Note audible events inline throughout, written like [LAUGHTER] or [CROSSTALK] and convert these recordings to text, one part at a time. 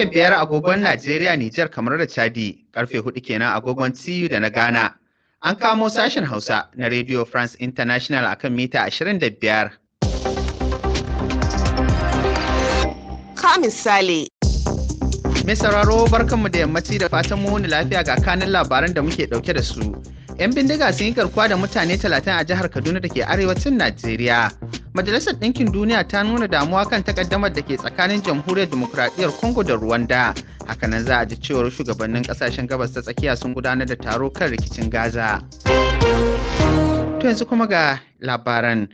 Karfe biyar agogon Najeriya Nijar kamar da Chadi, karfe hudu kenan agogon TU da na Ghana. An kamo sashen Hausa na Radio France International akan mita 25. Ka misali. Mai sauraro barkanmu da yammaci da fatan mu lafiya ga kanin labaran da muke dauke da su. 'Yan bindiga sun yi garkuwa da mutane 30 a jihar Kaduna da ke arewacin Najeriya. Majalisar Ɗinkin Duniya ta nuna damuwa kan takaddamar da ke tsakanin Jamhuriyar Dimokuraɗiyyar Congo da Rwanda. Hakanan za a ji cewar shugabannin ƙasashen gabas ta tsakiya sun gudanar da taro kan rikicin Gaza. To yanzu kuma ga labaran.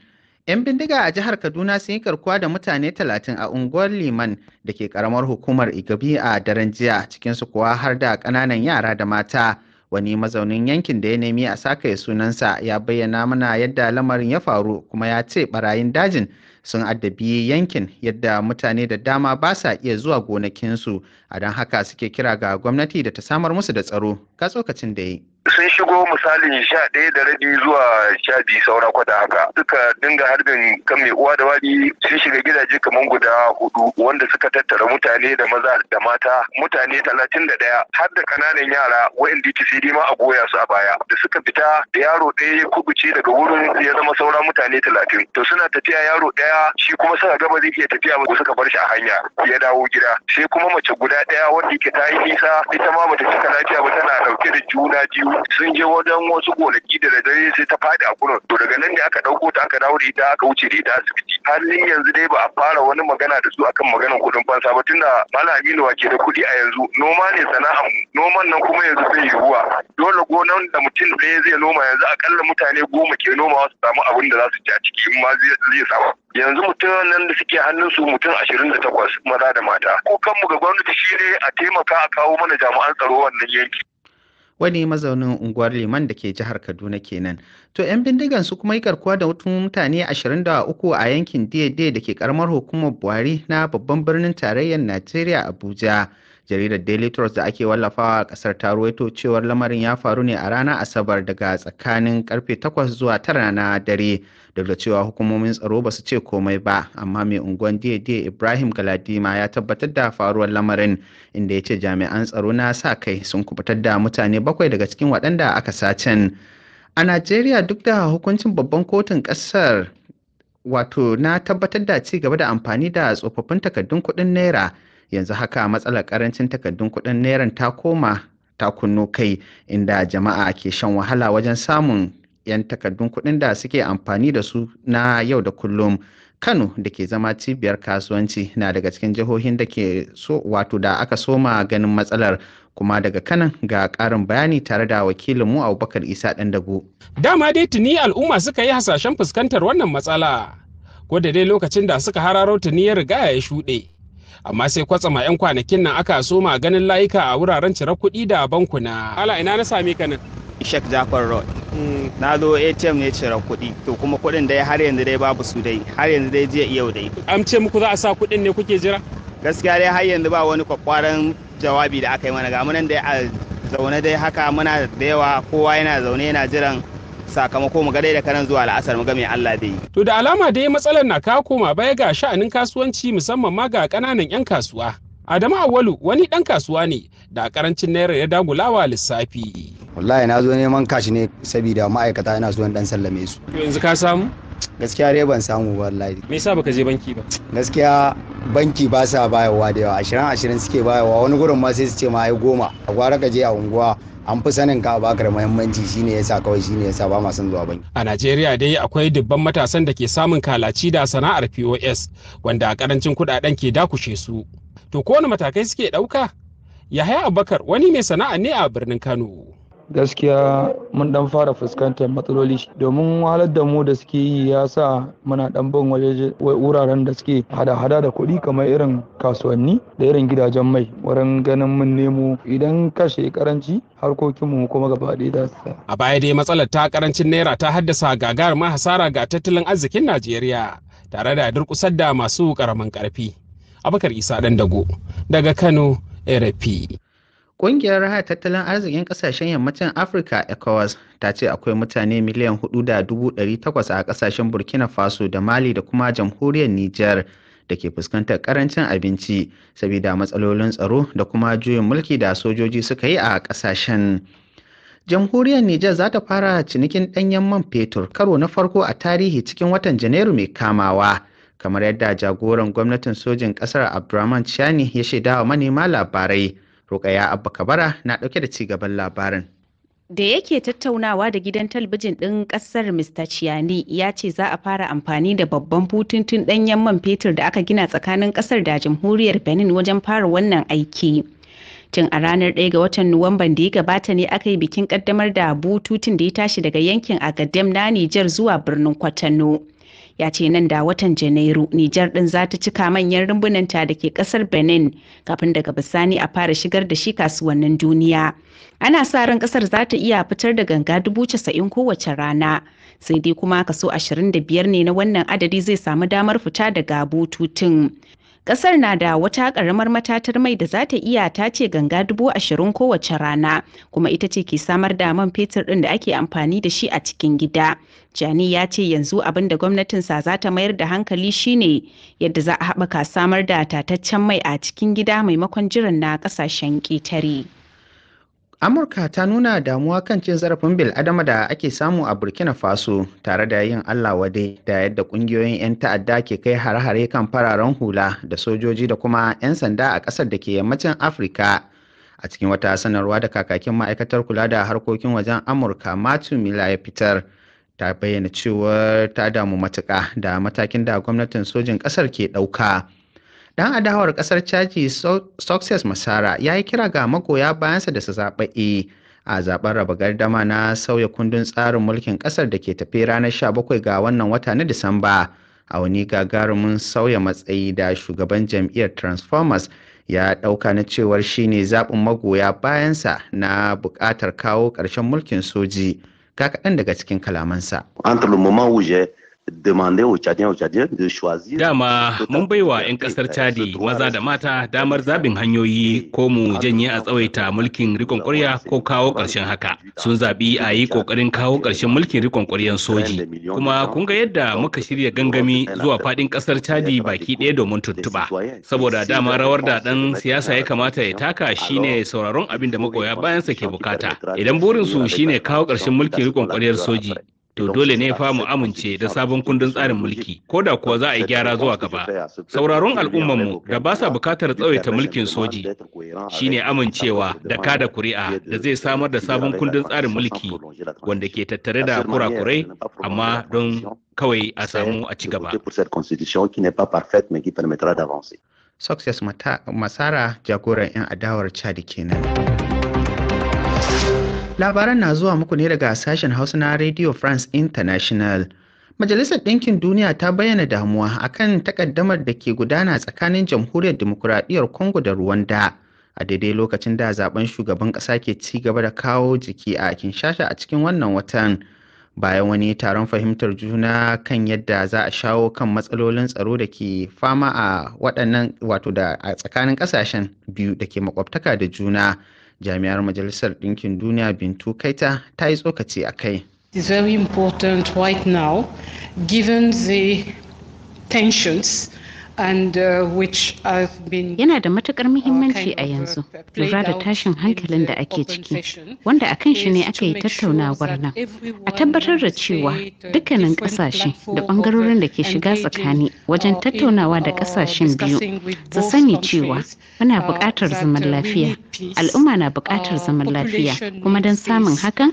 'Yan bindiga a jihar Kaduna sun yi karkuwa da mutane talatin a unguwar Liman da ke karamar hukumar Igabi a daren jiya cikinsu kuwa har da ƙananan yara da mata. wani mazaunin yankin da ya nemi a sakaye sunansa ya bayyana mana yadda lamarin ya faru kuma ya ce barayin dajin sun addabi yankin yadda mutane da dama ba sa iya zuwa gonakinsu a don haka suke kira ga gwamnati da ta samar musu da tsaro ga tsokacin da ya yi. sun shigo misalin sha ɗaya da rabi zuwa sha biyu saura kwata haka suka dinga harbin kan mai uwa da wadi sun shiga gidaje kamar guda hudu wanda suka tattara mutane da maza da mata mutane talatin da ɗaya har da kananan yara wa'inda dtcd ma a goya su a baya da suka fita da yaro ɗaya ya kubuce daga wurin ya zama saura mutane talatin to suna tafiya yaro ɗaya shi kuma suka gaba zai iya tafiya ba suka bar shi a hanya ya dawo gida sai kuma mace guda guda ɗaya wanda ke ta yi nisa ita ma bata cika lafiya ba tana dauke da juna biyu sun je wajen wasu gonaki da dare sai ta faɗi a gurin to daga nan ne aka ɗauko ta aka dawo da ita aka wuce da ita asibiti halin yanzu dai ba a fara wani magana da su akan maganar kuɗin fansa ba tunda malami wa ke da kuɗi a yanzu noma ne sana'a noman nan kuma yanzu zai yiwuwa dole gonan da mutum ɗaya zai noma yanzu akalla mutane goma ke noma su samu abin da za su ci a ciki in ma zai samu yanzu mutum nan da suke hannun su mutum ashirin da takwas maza da mata kukanmu ga gwamnati shine a taimaka a kawo mana jami'an tsaro wannan yanki wani mazaunin unguwar liman da ke jihar kaduna kenan To 'yan bindigan su kuma yi garkuwa da wasu mutane 23 a yankin Dede da ke karamar hukumar Buhari na babban birnin tarayyar Najeriya Abuja. Jaridar Daily Trust da ake wallafawa a kasar ta ruwaito cewar lamarin ya faru ne a rana Asabar daga tsakanin karfe 8 zuwa 9 na dare. Duk da cewa hukumomin tsaro ba su ce komai ba, amma mai unguwan Dede Ibrahim Galadima ya tabbatar da faruwar lamarin inda ya ce jami'an tsaro na sa kai sun kubutar da mutane bakwai daga cikin waɗanda aka sacen. A Najeriya duk da hukuncin Babban Kotun ƙasar wato na tabbatar da ci gaba da amfani da tsofaffin takardun kuɗin naira yanzu haka matsalar ƙarancin takardun kuɗin naira ta koma ta kunno kai inda jama'a ke shan wahala wajen samun 'yan takardun kuɗin da suke amfani da su na yau da kullum. Kano da ke zama cibiyar kasuwanci na daga cikin jihohin da ke so wato da aka soma ganin matsalar kuma daga kanan ga ƙarin bayani tare da wakilin wakilinmu abubakar isa ɗan dago dama dai tuni al'umma suka yi hasashen fuskantar wannan matsala ko da dai lokacin da suka hararo tuni ya riga ya shuɗe amma sai kwatsama 'yan kwanakin nan aka soma ganin layuka a wuraren cire kuɗi da bankuna ala ina na same ka nan Sheikh Jafar Road. Mm, na zo ATM ne cire kuɗi, to kuma kuɗin dai har yanzu dai babu su dai, har yanzu dai jiya yau dai. An muku za a sa kuɗin ne kuke jira? Gaskiya dai har yanzu ba wani kwakwaran jawabi da aka yi mana ga da dai a zaune dai haka muna da yawa kowa yana zaune yana jiran sakamako mu dai da kanan zuwa al'asar mu ga mai Allah dai to da alama dai matsalar na kawo koma baya ga sha'anin kasuwanci musamman ma ga kananan yan kasuwa Adamu Awalu wani dan kasuwa ne da karancin naira ya dagulawa lissafi wallahi na zo neman kashi ne saboda ma'aikata ina zuwan dan sallame su yanzu ka samu gaskiya dai ban samu wallahi me yasa baka je banki ba gaskiya banki ba sa bayarwa da yawa ashirin ashirin suke bayarwa wani gurin ma sai su ce ma ai goma a gwara ka je a unguwa an fi sanin ka bakar muhimmanci shine yasa kawai shine yasa ba ma son zuwa banki a Najeriya dai akwai dubban matasan da ke samun kalaci da sana'ar POS wanda a karancin kudaden ke dakushe su to ko kowane matakai suke dauka Yahaya Abubakar wani mai sana'a ne a birnin Kano gaskiya mun dan fara fuskantar matsaloli domin wahalar da mu da suke yi ya sa muna dan bin wuraren da suke hada-hada da kuɗi kamar irin kasuwanni da irin gidajen mai wurin ganin mun nemo idan kashe karanci harkokinmu kuma gaba ɗaya da su. A baya dai matsalar ta karancin naira ta haddasa ma hasara ga tattalin arzikin Najeriya tare da durkusar da masu karamin karfi Abakar Isa dago daga Kano, RP Ƙungiyar Raya Tattalin Arzikin Ƙasashen Yammacin Afirka ECOWAS ta ce akwai mutane miliyan 4,800 a ƙasashen Burkina Faso da Mali da kuma jamhuriyar Nijar da ke fuskantar ƙarancin abinci saboda matsalolin tsaro da kuma juyin mulki da sojoji suka yi a ƙasashen. Jamhuriyar Nijar za ta fara cinikin ɗanyen man fetur karo na farko a tarihi cikin watan Janairu mai kamawa. kamar yadda jagoran gwamnatin sojin ƙasar Abdurrahman Chani ya shaidawa manema labarai. Rukaya Abba Kabara na ɗauke da cigaban labarin. da yake tattaunawa da gidan talbijin ɗin ƙasar Mr. Chiani ya ce za a fara amfani da babban bututun ɗanyen man fetur da aka gina tsakanin ƙasar da jamhuriyar Benin wajen fara wannan aiki. Tun a ranar 1 ga watan Nuwamban da ya gabata ne aka yi bikin ƙaddamar da bututun da ya tashi daga yankin Agadem na Nijar zuwa birnin Kwatano. ya ce nan da watan janairu nijar din za ta cika manyan rumbunanta da ke kasar benin kafin daga bisani a fara shigar da shi kasuwannin duniya ana sa ran kasar za ta iya fitar da ganga dubu casa'in kowace rana sai dai kuma kaso 25 ne na wannan adadi zai samu damar fita daga bututun kasar na da wata ƙaramar matatar mai da za ta iya tace ganga dubu ashirin kowace rana, kuma ita ce ke samar da man fetur din da ake amfani da shi a cikin gida. Jani ya ce yanzu abin da sa za ta mayar da hankali shine yadda za a haɓaka samar da tataccen mai a cikin gida maimakon jiran na ƙasashen ƙetare. Amurka ta nuna damuwa kan cin zarafin Adama da ake samu a Burkina Faso tare da yin Allah wade da yadda ƙungiyoyin 'yan ta'adda ke kai hare-hare kan fararen hula da sojoji da kuma 'yan sanda a ƙasar da ke yammacin Afirka. A cikin wata sanarwa da kakakin ma'aikatar kula da harkokin wajen Amurka Matumila Mila ya fitar ta bayyana cewar ta damu matuƙa da matakin da gwamnatin sojin ƙasar ke ɗauka. Dan adawar kasar caji, Success Masara ya yi kira ga magoya bayansa da su zaɓa E a zaɓen raba gardama na sauya kundin tsarin mulkin ƙasar da ke tafe ranar 17 ga wannan wata na Disamba. A wani gagarumin sauya matsayi da shugaban jam'iyyar Transformers ya ɗauka na cewar shine zaɓin magoya bayansa na buƙatar kawo ƙarshen mulkin soji. Ga kaɗan daga cikin kalamansa. demande aux Tchadiens aux Tchadiens de choisir. Dama mun baiwa 'yan kasar Chadi maza da mata damar zabin hanyoyi ko mu janye a tsawaita mulkin rikon ƙwarya ko kawo ƙarshen haka. Sun zaɓi a yi ƙoƙarin kawo ƙarshen mulkin rikon ƙwaryan soji. Kuma kun ga yadda muka shirya gangami zuwa faɗin ƙasar Chadi baki ɗaya domin tuntuɓa. Saboda dama rawar da ɗan siyasa ya kamata ya taka shine sauraron abin da magoya bayansa ke bukata. Idan burinsu shine kawo ƙarshen mulkin rikon ƙwaryar soji. to dole ne fa mu amince da sabon kundin tsarin mulki ko da kuwa za a yi gyara zuwa gaba sauraron al'ummarmu da ba sa bukatar tsawaita mulkin soji shine amincewa da kada kuri'a da zai samar da sabon kundin tsarin mulki wanda ke tattare da kurakurai amma don kawai a samu a ci gaba Success Masara jagoran 'yan adawar Chad kenan. Labaran na zuwa muku ne daga sashen Hausa na Radio France International. Majalisar Ɗinkin Duniya ta bayyana damuwa a kan takaddamar da ke gudana tsakanin Jamhuriyar Dimokuraɗiyyar Congo da Rwanda a daidai lokacin da zaben shugaban ƙasa ke ci gaba da kawo jiki a Kinshasa a cikin wannan watan. Bayan wani taron fahimtar juna kan yadda za a shawo kan matsalolin tsaro da ke fama a waɗannan wato da a tsakanin ƙasashen biyu da ke makwabtaka da juna. jami'ar majalisar ɗinkin duniya bintu kaita ta yi tsokaci a kai very important right now given the tensions Uh, Yana da matukar uh, muhimmanci a uh, yanzu lura da tashin hankalin da ake ciki wanda akan shi ne aka yi tattaunawar nan. A tabbatar da cewa dukkanin ƙasashe da bangarorin da ke shiga tsakani wajen tattaunawa da ƙasashen biyu su sani cewa muna buƙatar zaman lafiya, al'umma na buƙatar zaman lafiya kuma don samun hakan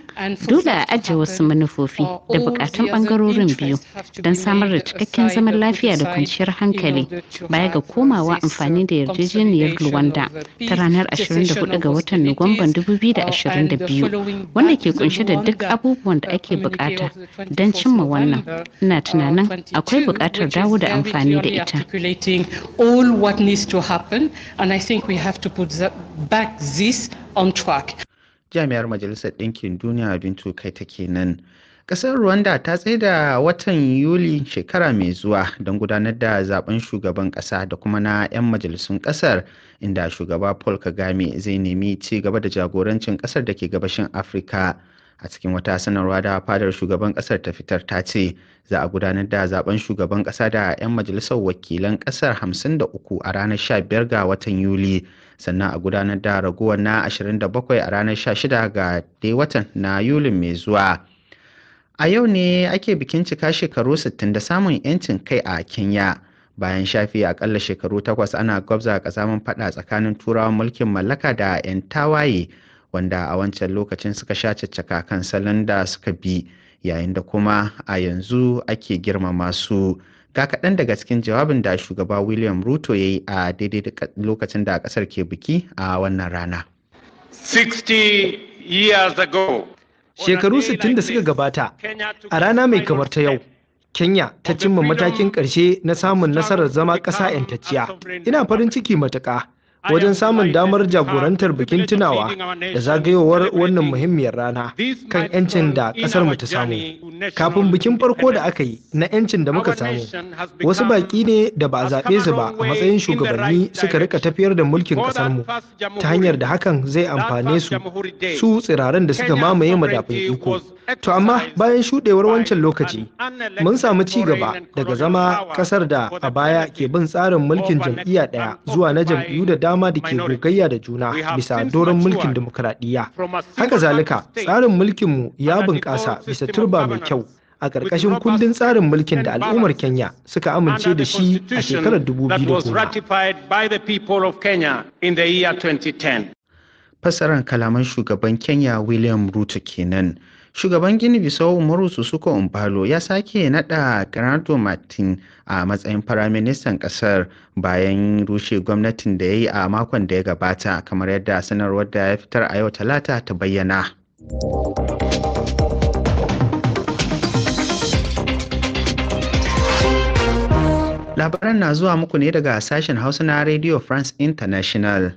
dole a ajiye wasu manufofi da buƙatun bangarorin biyu don samar da cikakken zaman lafiya da kwanciyar hankali. baya ga komawa amfani da yarjejeniyar luwanda ta ranar 24 ga watan Nuwamban 2022 wanda ke kunshe da duk abubuwan da ake bukata don cimma wannan. Ina tunanin akwai bukatar dawo da amfani da ita. Jami'ar Majalisar Ɗinkin Duniya abin kai take nan. Ƙasar Rwanda ta da watan Yuli shekara mai zuwa don gudanar da zaben shugaban ƙasa da kuma na 'yan majalisun ƙasar inda shugaba Paul Kagame zai nemi ci gaba da jagorancin ƙasar da ke gabashin Afirka. A cikin wata sanarwa da fadar shugaban ƙasar ta fitar ta ce za a gudanar da zaben shugaban ƙasa da 'yan majalisar wakilan ƙasar 53 a ranar 15 ga watan Yuli sannan a gudanar da raguwar na 27 a ranar 16 ga dai watan na yuli mai zuwa. A yau ne ake bikin cika shekaru 60 da samun 'yancin kai a Kenya, bayan shafe aƙalla shekaru takwas ana gwabza ƙazamin faɗa tsakanin Turawan mulkin mallaka da 'yan tawaye, wanda a wancan lokacin suka sha caccaka kan salon da suka bi, yayin da kuma a yanzu ake girmama su. Ga kaɗan daga cikin jawabin da shugaba William Ruto ya yi a daidai lokacin da ƙasar ke biki a wannan rana. 60 years ago, Shekaru 60 da suka gabata, a rana mai kamar ta yau, Kenya ta cimma matakin ƙarshe na samun nasarar zama ƙasa 'yantacciya. Ina farin ciki matuƙa wajen samun damar jagorantar bikin tunawa da zagayowar wannan muhimmiyar rana kan 'yancin da ƙasar mu ta samu. Kafin bikin farko da aka yi na 'yancin da muka samu, wasu baƙi ne da ba a zaɓe su ba a matsayin shugabanni suka rika tafiyar da mulkin ƙasar mu ta hanyar da hakan zai amfane su su tsiraren da suka mamaye madafin iko. To amma bayan shuɗewar wancan lokaci, mun samu ci gaba daga zama ƙasar da a baya ke bin tsarin mulkin jam'iyya ɗaya zuwa na jam'iyyu da dama da ke gogayya da juna bisa doron mulkin demokuraɗiyya. Haka zalika, tsarin mulkinmu ya bunƙasa bisa turba mai kyau a ƙarƙashin kundin tsarin mulkin da al'ummar Kenya suka amince da shi a shekarar 2010. fassarar kalaman shugaban Kenya William Ruto kenan. Shugaban Gini Bisau Umaru suko Umfalo ya sake naɗa Granato Martin a matsayin Firaministan ƙasar bayan rushe gwamnatin da ya yi a makon da ya gabata kamar yadda sanarwar da ya fitar a yau talata ta bayyana. Labaran na zuwa muku ne daga sashen Hausa na Radio France International.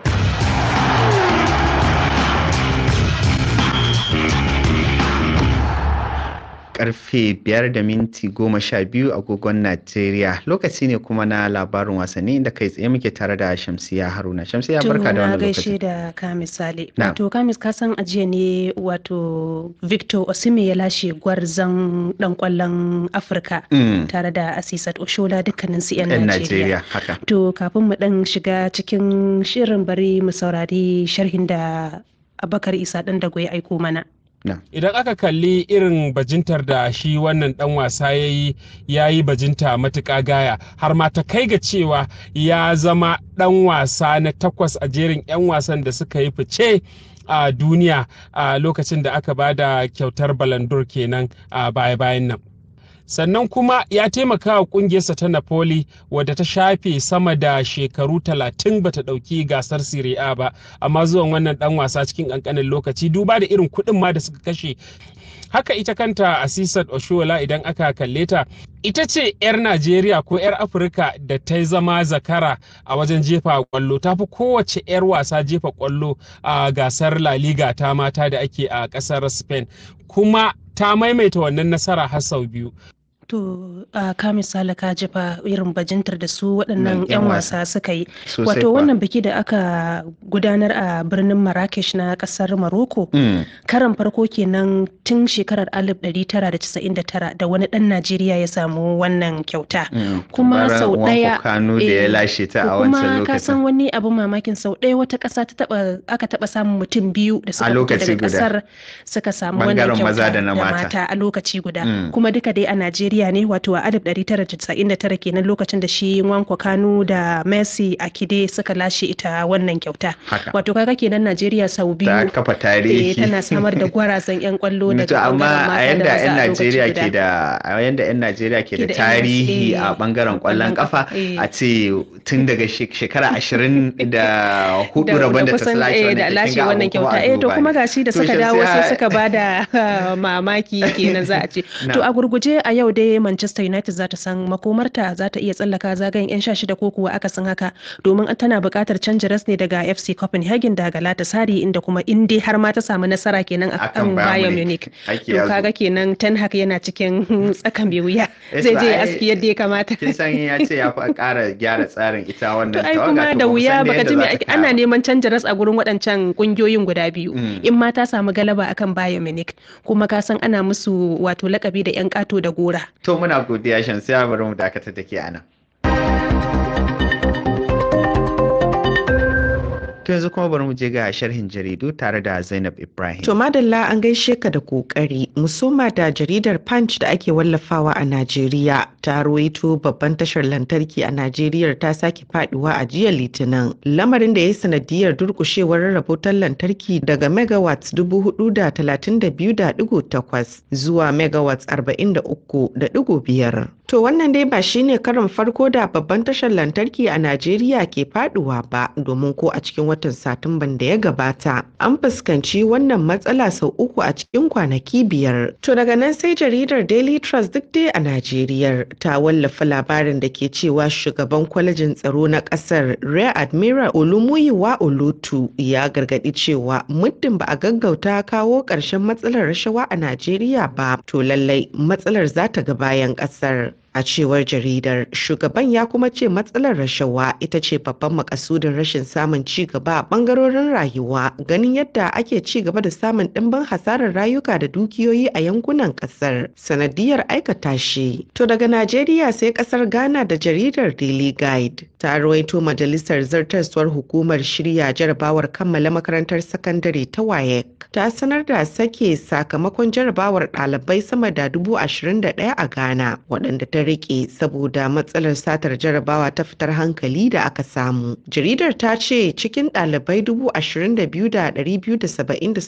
karfe 5 da minti 12 agogon Najeriya lokaci ne kuma na labarin wasanni inda kai tsaye muke tare da Shamsiya Haruna. Shamsiya barka da wannan lokaci. da ka misali. Wato ka ka san ajiya ne wato Victor Osimhen ya lashe gwarzan dan kwallon Afirka mm. tare da Asisat Oshola dukkanin su yan Najeriya. To kafin mu dan shiga cikin shirin bari mu saurari sharhin da Abakar Isa dan da ya aiko mana. Idan aka kalli irin bajintar da shi wannan dan wasa ya yi ya yi bajinta matuƙa gaya har ma ta kai ga cewa ya zama dan wasa na takwas a jerin 'yan wasan da suka yi fice a duniya a lokacin da aka ba da kyautar balandur kenan a baya-bayan nan. sannan kuma ya taimaka wa kungiyarsa ta napoli wadda ta shafe sama da shekaru talatin bata dauki gasar serie a ba amma zuwan wannan dan wasa cikin kankanin lokaci duba da irin kuɗin ma da suka kashe haka ita kanta asisat oshola idan aka kalle ta ita ce 'yar najeriya ko 'yar afirka da ta zama zakara a wajen jefa kwallo ta fi kowace 'yar wasa jefa kwallo a gasar la liga ta mata da ake a kasar spain kuma ta maimaita wannan nasara har sau biyu To a ka misali ka jefa irin bajintar da su waɗannan 'yan wasa suka yi. Wato wannan biki da aka gudanar a birnin Marrakesh na ƙasar Morocco, mm. karan farko kenan tun shekarar 1999 da wani ɗan Najeriya ya samu wannan kyauta. Mm, kuma sau ɗaya. Kano da ya eh, lashe ta a wancan lokacin. Kuma ka san wani abin mamakin sau ɗaya wata ƙasa ta taba aka taɓa samun mutum biyu da suka fita daga ƙasar suka samu wannan kyauta da mata a lokaci guda. Mm. Kuma duka dai a Najeriya Libya ne wato a 1999 kenan lokacin da shi Nwankwo Kanu da Messi Akide suka lashe ita wannan kyauta. Wato kaga kenan Najeriya sau biyu ta kafa tarihi eh, tana samar da gwarazan yan kwallo daga amma a yanda yan Najeriya ke da a yanda yan Najeriya ke da tarihi a bangaren kwallon kafa eh. a ce tun daga shekara 20 da hudu rabon da ta lashe eh, wannan kyauta eh to kuma gashi da suka dawo sai suka bada [LAUGHS] mamaki kenan za a ce to a gurguje a yau dai Manchester United za ta san makomarta za ta iya tsallaka zagayen 'yan da ko kuwa akasin haka domin tana buƙatar canji ras ne daga FC Copenhagen da Galatasaray inda kuma in har ma ta samu nasara kenan a kan Bayern Munich. To kaga kenan Ten Hag yana cikin [LAUGHS] tsakan bai wuya. Eh, Zai je aski yadda ya kamata. Kin san ya ce ya fa ƙara gyara tsarin ita wannan tawaga. kuma da wuya baka ji me ana neman canji ras a gurin waɗancan kungiyoyin guda biyu. Mm. In ma ta samu galaba akan Bayern Munich kuma ka san ana musu wato lakabi da 'yan kato da gora to muna godiya shan sai a bari mu dakatar take ke anan To yanzu kuma bari mu je ga sharhin jaridu tare da Zainab Ibrahim. To madalla an gaishe ka da kokari musoma da jaridar Punch da ake wallafawa a Najeriya ta ruwaito babban tashar lantarki a Najeriya ta sake faduwa a jiya Litinin. Lamarin da ya yi sanadiyar durkushewar rarrabutar lantarki daga megawatts 432.8 zuwa megawatts 43.5. To wannan dai ba shi ne karin farko da babban tashar lantarki a Najeriya ke faduwa ba domin ko a cikin watan Satumban da ya gabata an fuskanci wannan matsala sau uku a cikin kwanaki biyar. To daga nan sai jaridar Daily Trust duk dai a Najeriya ta wallafa labarin da ke cewa shugaban kwalejin tsaro na kasar Rear Admiral Olumuyiwa Olutu ya gargadi cewa muddin ba a gaggauta kawo ƙarshen matsalar rashawa a Najeriya ba to lallai matsalar za ta ga bayan ƙasar. A cewar jaridar, shugaban ya kuma ce matsalar rashawa ita ce babban makasudin rashin samun ci gaba a ɓangarorin rayuwa ganin yadda ake ci gaba da samun ɗimbin hasarar rayuka da dukiyoyi a yankunan ƙasar sanadiyar aikata shi. To daga Najeriya sai ƙasar Ghana da jaridar Daily Guide ta ruwaito majalisar zartaswar hukumar shirya jarabawar kammala makarantar sakandare ta wayek ta sanar da sake sakamakon jarabawar ɗalibai sama da dubu ashirin da ɗaya a Ghana waɗanda ta rike saboda matsalar satar jarabawa ta fitar hankali da aka samu. Jaridar ta ce cikin ɗalibai dubu da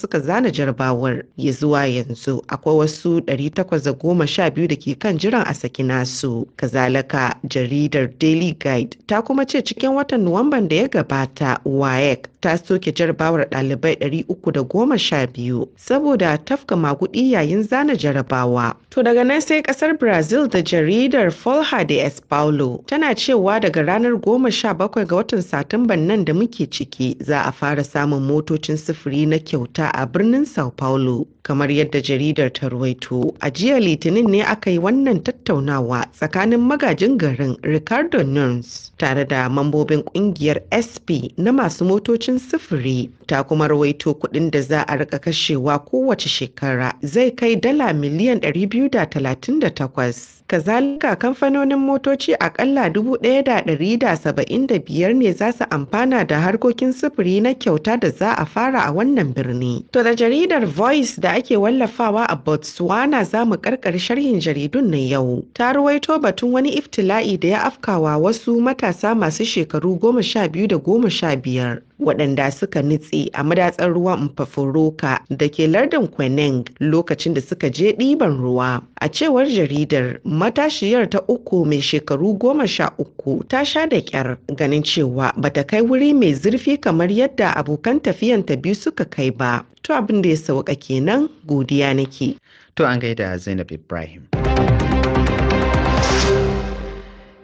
suka zana jarabawar ya zuwa yanzu akwai wasu 812 da goma sha biyu da ke kan jiran a saki nasu. Kazalaka jaridar Daily Guide ta kuma ce cikin watan Nuwamban da ya gabata WAEC ta soke jarabawar ɗalibai 312 saboda tafka maguɗi yayin zana jarabawa. To daga nan sai ƙasar Brazil da jaridar Folha de S. Paulo tana cewa daga ranar 17 ga watan Satumban nan da muke ciki za a fara samun motocin sufuri na kyauta a birnin Sao Paulo. Kamar yadda jaridar ta ruwaito, a jiya Litinin ne aka yi wannan tattaunawa tsakanin magajin garin Ricardo Nunes tare da mambobin ƙungiyar SP na masu motoci. motocin sufuri ta kuma rawaito kuɗin da za a rika kashewa kowace shekara zai kai dala miliyan 238 Kazalika kamfanonin motoci akalla 1,175 ne za su amfana da harkokin sufuri na kyauta da za a fara a wannan birni. To da jaridar Voice da ake wallafawa a Botswana za mu karkar sharhin jaridun na yau. Ta ruwaito batun wani iftila'i da ya afkawa wasu matasa masu shekaru goma sha biyu da goma sha biyar. waɗanda suka nitse a madatsar ruwa Mpaforoka da ke lardin Kweneng lokacin da suka je ɗiban ruwa. A cewar jaridar matashiyar ta uku mai shekaru goma sha uku ta sha da kyar ganin cewa bata kai wuri mai zurfi kamar yadda abokan tafiyan ta biyu suka kai ba to abin da ya sauka kenan godiya nake to an gaida zainab ibrahim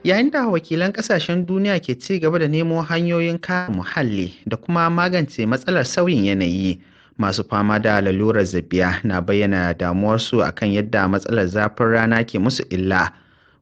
yayin da wakilan kasashen duniya ke ci gaba da nemo hanyoyin kare muhalli da kuma magance matsalar sauyin yanayi masu fama da lalurar zabiya na bayyana damuwarsu akan yadda matsalar zafin rana ke musu illa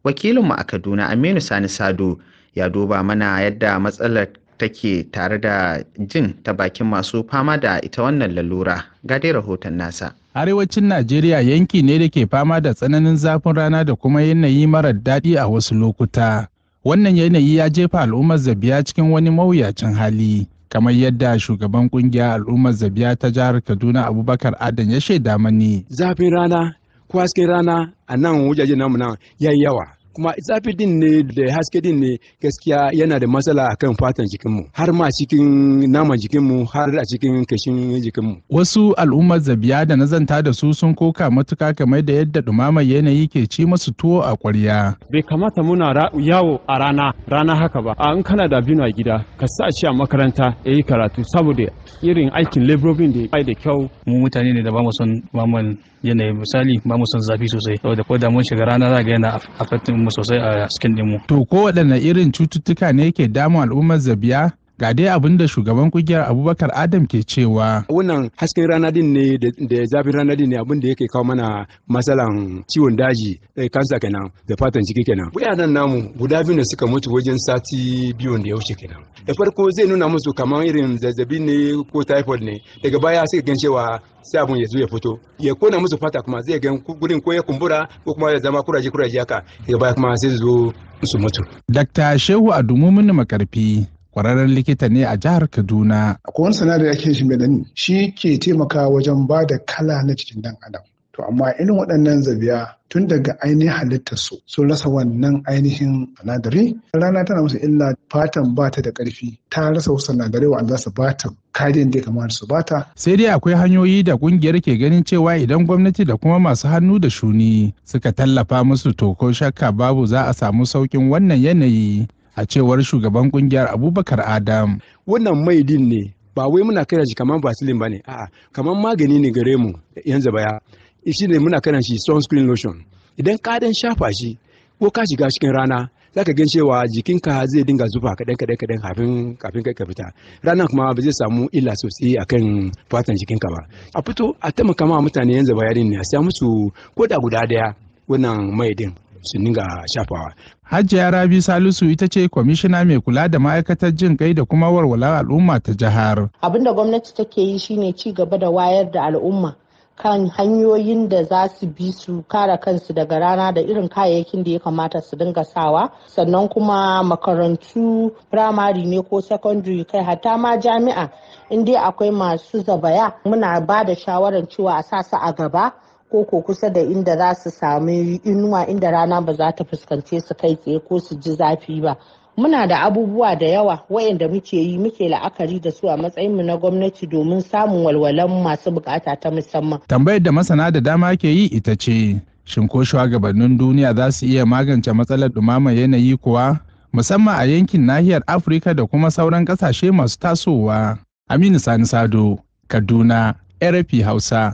wakilinmu a kaduna aminu sani sado ya duba mana yadda matsalar take tare da jin ta bakin masu fama da ita wannan lalura ga rahoton nasa arewacin najeriya yanki ne da ke fama da tsananin zafin rana da kuma yanayi marar daɗi a wasu lokuta wannan yanayi ya jefa al'ummar zabiya cikin wani mawuyacin hali kamar yadda shugaban kungiyar al'ummar zabiya ta jihar kaduna abubakar adan ya shaida mani zafin rana ko hasken rana a nan wajajen namu nan yayi yawa kuma zafi din ne da haske din ne gaskiya yana da matsala akan fatan jikinmu har ma cikin naman jikinmu har a cikin kashin jikinmu wasu al'ummar zabiya da na zanta da su sun koka matuka kamar da yadda dumamar yanayi ke ci masu tuwo a kwarya bai kamata muna yawo a rana rana haka ba a in kana da bino a gida ka sa ci a makaranta ya yi karatu saboda irin aikin lebrobin da ya da kyau mu mutane ne da ba mu son mamman. yanayi misali ba mu son zafi sosai saboda ko da mun shiga rana za ga yana affecting mu sosai a cikin dinmu to ko waɗanne irin cututtuka ne yake damun al'ummar zabiya Ga dai abin da shugaban kungiyar Abubakar Adam ke cewa. Wannan hasken rana din ne da zafin rana din ne abin da yake kawo mana matsalan ciwon daji kansa eh, kenan da fatan ciki kenan. Wayannan namu guda biyu ne suka mutu wajen sati biyu da ya wuce kenan. Da farko zai nuna musu kamar irin zazzabi ne ko typhoid ne. Daga baya suka gan cewa sai abun ya zo ya fito ya kona musu fata kuma zai gan gurin ko ya kumbura ko kuma ya zama kuraje kuraje haka daga baya kuma sai zo su mutu. Dr. Shehu Adumumin Makarfi kwararren likita ne a jihar Kaduna. Akwai wani sanadari ake shi dani shi ke taimakawa wajen ba da kala na cikin dan adam. To amma irin waɗannan zabiya tun daga ainihin halittar su sun rasa wannan ainihin sanadari. Rana tana musu illa fatan ba ta da ƙarfi ta rasa wasu sanadari wa za su ba ta kariyar da kamar su ba Sai dai akwai hanyoyi da ƙungiyar ke ganin cewa idan gwamnati da kuma masu hannu da shuni suka tallafa musu to ko shakka babu za a samu sauƙin wannan yanayi. a cewar shugaban kungiyar abubakar adam wannan mai din ne ba wai muna kira shi kamar vaseline ba ne a'a kamar magani ne gare mu yan zabaya shi ne muna kiran shi sunscreen lotion idan ka dan shafa shi ko ka shiga cikin rana za ka gan cewa jikinka zai dinga zufa kaɗan kaɗan kaɗan kafin kafin kai ka fita ranar kuma ba zai samu illa sosai a kan fatan jikinka ba a fito a taimaka ma mutane yanzu bayanin ne a samu su ko da guda ɗaya wannan mai din su dinga shafawa. Hajiya Rabi Salisu ita ce kwamishina mai kula da ma'aikatar jin kai da kuma walwala al'umma ta jihar. Abin da gwamnati take yi shine ci gaba da wayar da al'umma kan hanyoyin da za su bi su kare kansu daga rana da irin kayayyakin da ya kamata su dinga sawa sannan kuma makarantu firamare ne ko secondary kai hatta ma jami'a in dai akwai masu zabaya muna ba da shawarar cewa a sa su a gaba ko ko kusa da inda za su sami inuwa inda rana ba za ta fuskance su kai tsaye ko su ji zafi ba muna da abubuwa da yawa wayanda muke yi muke la'akari da su a matsayin mu na gwamnati domin samun walwalan masu bukata ta musamman tambayar da masana da dama ke yi ita ce shin ko shugabannin duniya za su iya magance matsalar dumamar yanayi kuwa musamman a yankin nahiyar afirka da kuma sauran kasashe masu tasowa aminu sani sado kaduna rfi hausa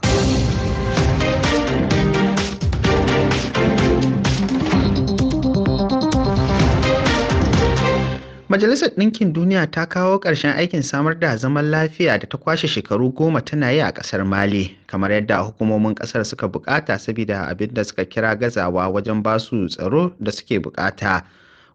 Majalisar Ɗinkin Duniya ta kawo ƙarshen aikin samar da zaman lafiya da ta kwashe shekaru goma tana yi a ƙasar Mali, kamar yadda hukumomin ƙasar suka buƙata saboda abin da suka kira gazawa wajen basu tsaro da suke buƙata.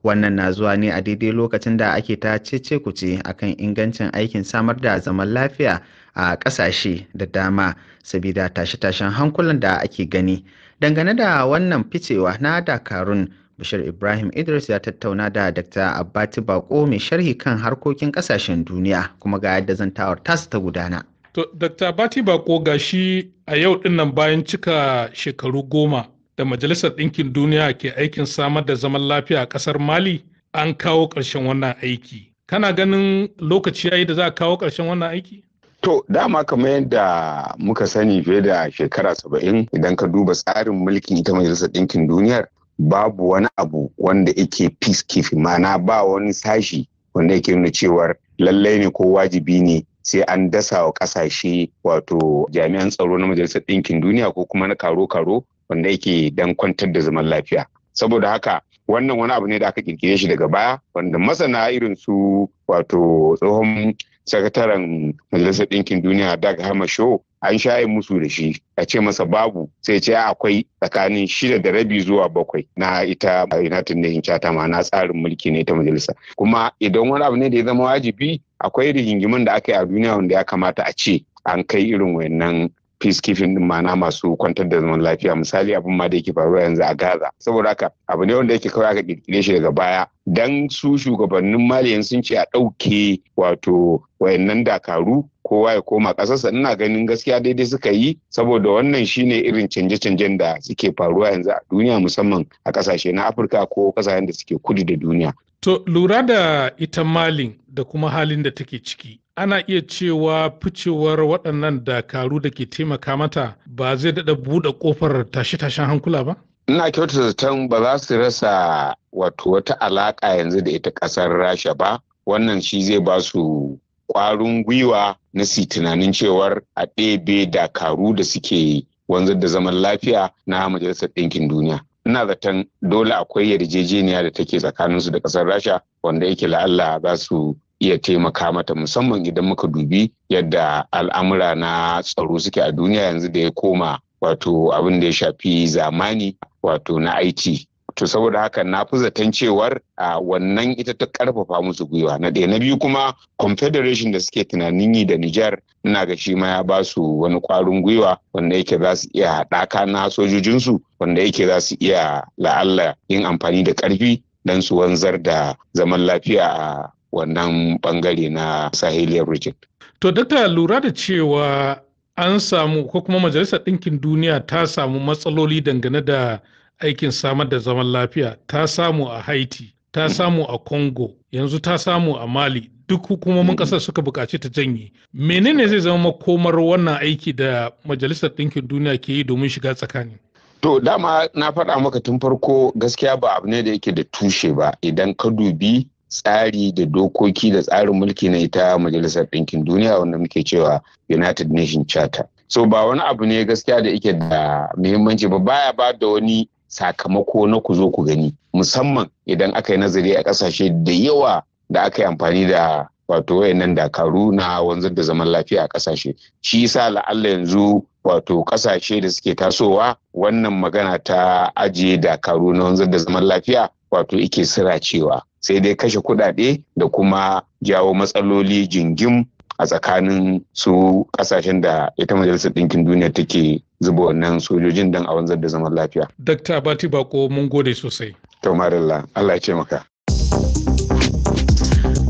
Wannan na zuwa ne a daidai lokacin da ake ta cece kuce akan ingancin aikin samar da zaman lafiya a ƙasashe da dama saboda tashe-tashen hankulan da ake gani. Dangane da wannan ficewa na Dakarun, Bashir Ibrahim Idris ya tattauna da Dr. Abbati Bako mai sharhi kan harkokin kasashen duniya kuma ga yadda zantawar tasu ta gudana. To, Dr. Abbati Bako ga shi a yau dinnan bayan cika shekaru goma da Majalisar Ɗinkin Duniya ke aikin samar da zaman lafiya a ƙasar Mali an kawo ƙarshen wannan aiki. Kana ganin lokaci yayi da za a kawo ƙarshen wannan aiki? To dama kamar yadda muka sani fiye da shekara saba'in idan ka duba tsarin mulkin ita majalisar ɗinkin duniyar babu wani abu wanda yake peacekeeping mana ba wani sashi wanda yake nuna cewar lallai ne ko wajibi ne sai an dasa wa kasashe wato jami'an tsaro na majalisar ɗinkin duniya ko kuma na karo-karo wanda yake dan kwantar da zaman lafiya saboda haka wannan wani abu ne da aka kirkire shi daga baya wanda masana irin su wato tsohon sakataren majalisar ɗinkin duniya dag hamasho an shaye musu da shi a ce masa babu sai ce akwai tsakanin shida da rabi zuwa bakwai na ita United Nations Charter ma na tsarin mulki ne ta majalisa kuma idan wani abu ne da ya zama wajibi akwai rigingimin da aka yi a duniya wanda ya kamata a ce an kai irin wayannan peacekeeping din mana masu kwantar da zaman lafiya misali abin ma da yake faruwa yanzu a Gaza saboda haka abu ne wanda yake kawai aka kirkire shi daga baya dan su shugabannin maliyan sun ce a ɗauke wato wayannan dakaru kowa ya koma ƙasarsa ina ganin gaskiya daidai suka yi saboda wannan shine irin canje-canjen da suke faruwa yanzu a duniya musamman a ƙasashe na afirka ko ƙasashen da suke kudu da duniya to lura da ita malin da kuma halin da take ciki ana iya cewa ficewar waɗannan dakaru da ke taimaka mata ba zai daɗa buɗe ƙofar tashe-tashen hankula ba ina kyautata zaton ba za su rasa wato wata alaƙa yanzu da ita ƙasar rasha ba wannan shi zai ba su ƙwarin gwiwa na si tunanin cewar a ɗebe dakaru da suke wanzar da zaman lafiya na majalisar ɗinkin duniya ina zaton dole akwai yarjejeniya da take tsakanin su da ƙasar rasha wanda yake la'alla za su iya taimaka mata musamman idan muka dubi yadda al'amura na tsaro suke a duniya yanzu da ya koma wato abin da ya shafi zamani wato na aiki. to saboda haka na fi zaton cewar a wannan ita ta karfafa musu gwiwa na ɗaya na biyu kuma confederation da suke tunanin yi da Nijar ina ga shi ma ya ba su wani ƙwarin gwiwa wanda yake za su iya haɗaka na sojojinsu wanda yake za su iya la'alla yin amfani da ƙarfi don su wanzar da zaman lafiya a wannan bangare na saheliya region. To dakta lura da cewa an samu ko kuma majalisar ɗinkin duniya ta samu matsaloli dangane da aikin samar da zaman lafiya ta samu a haiti ta samu a congo yanzu ta samu a mali duk hukumomin kasar suka buƙaci ta janye menene zai zama makomar wannan aiki da majalisar ɗinkin duniya ke yi domin shiga tsakani To dama na faɗa maka tun farko gaskiya ba abu ne da yake da tushe ba idan ka dubi tsari da dokoki da tsarin mulki na ita majalisar ɗinkin duniya wanda muke cewa United Nation Charter. So ba wani abu ne gaskiya da yake da muhimmanci ba baya ba da wani sakamako na ku zo ku gani musamman idan aka yi nazari a ƙasashe da yawa da aka yi amfani da wato wayannan dakaru na wanzar da zaman lafiya a ƙasashe shi sa la'alla yanzu wato ƙasashe da suke tasowa wannan magana ta ajiye dakaru na wanzar da zaman lafiya wato ike siracewa sai dai kashe kuɗaɗe da kuma jawo matsaloli jingim a tsakanin su kasashen da ita majalisar ɗinkin duniya take zuba wannan sojojin don a wanzar da zaman lafiya. Dakta Bati Bako mun gode sosai. Taumarilla, Allah ya ce maka.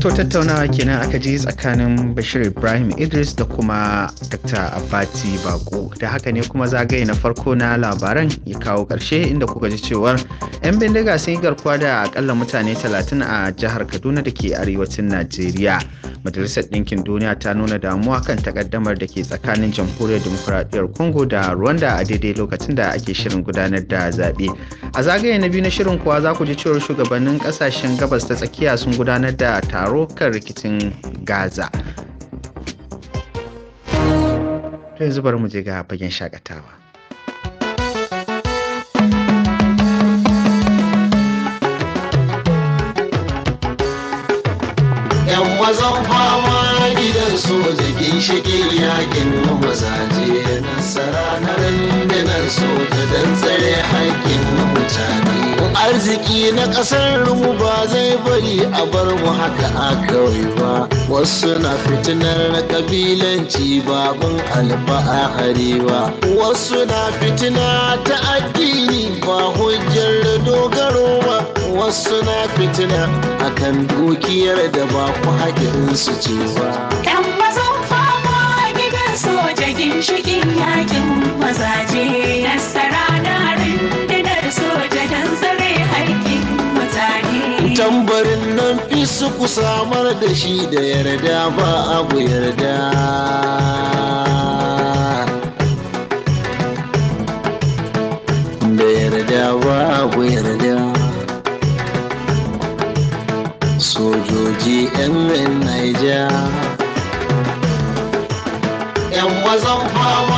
To tattaunawa kenan aka ji tsakanin Bashir Ibrahim Idris da kuma Dr. Abati Bako. Da haka ne kuma zagaye na farko na labaran ya kawo karshe inda kuka ji cewar 'yan bindiga sun yi garkuwa da akalla mutane 30 a jihar Kaduna da ke arewacin Najeriya. Majalisar Ɗinkin Duniya ta nuna damuwa kan takaddamar da ke tsakanin Jamhuriyar Dimokuraɗiyyar Congo da Rwanda a daidai lokacin da ake shirin gudanar da zaɓe. A zagaye na biyu na shirin kuwa za ku ji cewar shugabannin kasashen gabas ta tsakiya sun gudanar da taro tsaro kan rikicin Gaza. yanzu bari mu je ga fagen shakatawa. Yan mazan fama mai so da ginshiki yakin mazaje nasara na rundunar so da dan tsare haƙƙin mutane arziki na ƙasar mu ba zai bari a bar mu haka a kawai ba wasu na fitinar na ƙabilanci babin ba wasu na fitina ta addini ba hujjar dogaro ba wasu na fitina akan dukiyar da ba ku su ce ba ginshikin yakin mazaje nasara na rundunar soja don zare haƙƙin mutane tambarin nan isu ku samar da shi da yarda ba abu yarda da yarda ba abu yarda sojoji 'yan Naija. was a flower.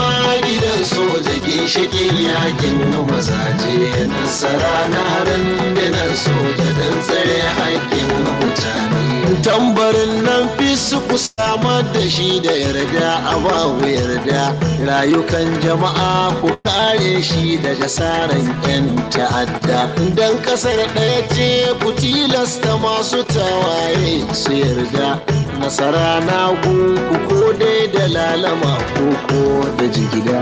shaki yakin mazaje nasara na rundunar soja don tsare haƙƙin mutane tambarin nan fi su ku samar da shi da yarda a babu yarda rayukan jama'a ku kare shi daga tsarin 'yan ta'adda don ƙasar ɗaya ce ku tilasta masu tawaye su yarda nasara na ku ko dai da lalama ko ko da jigida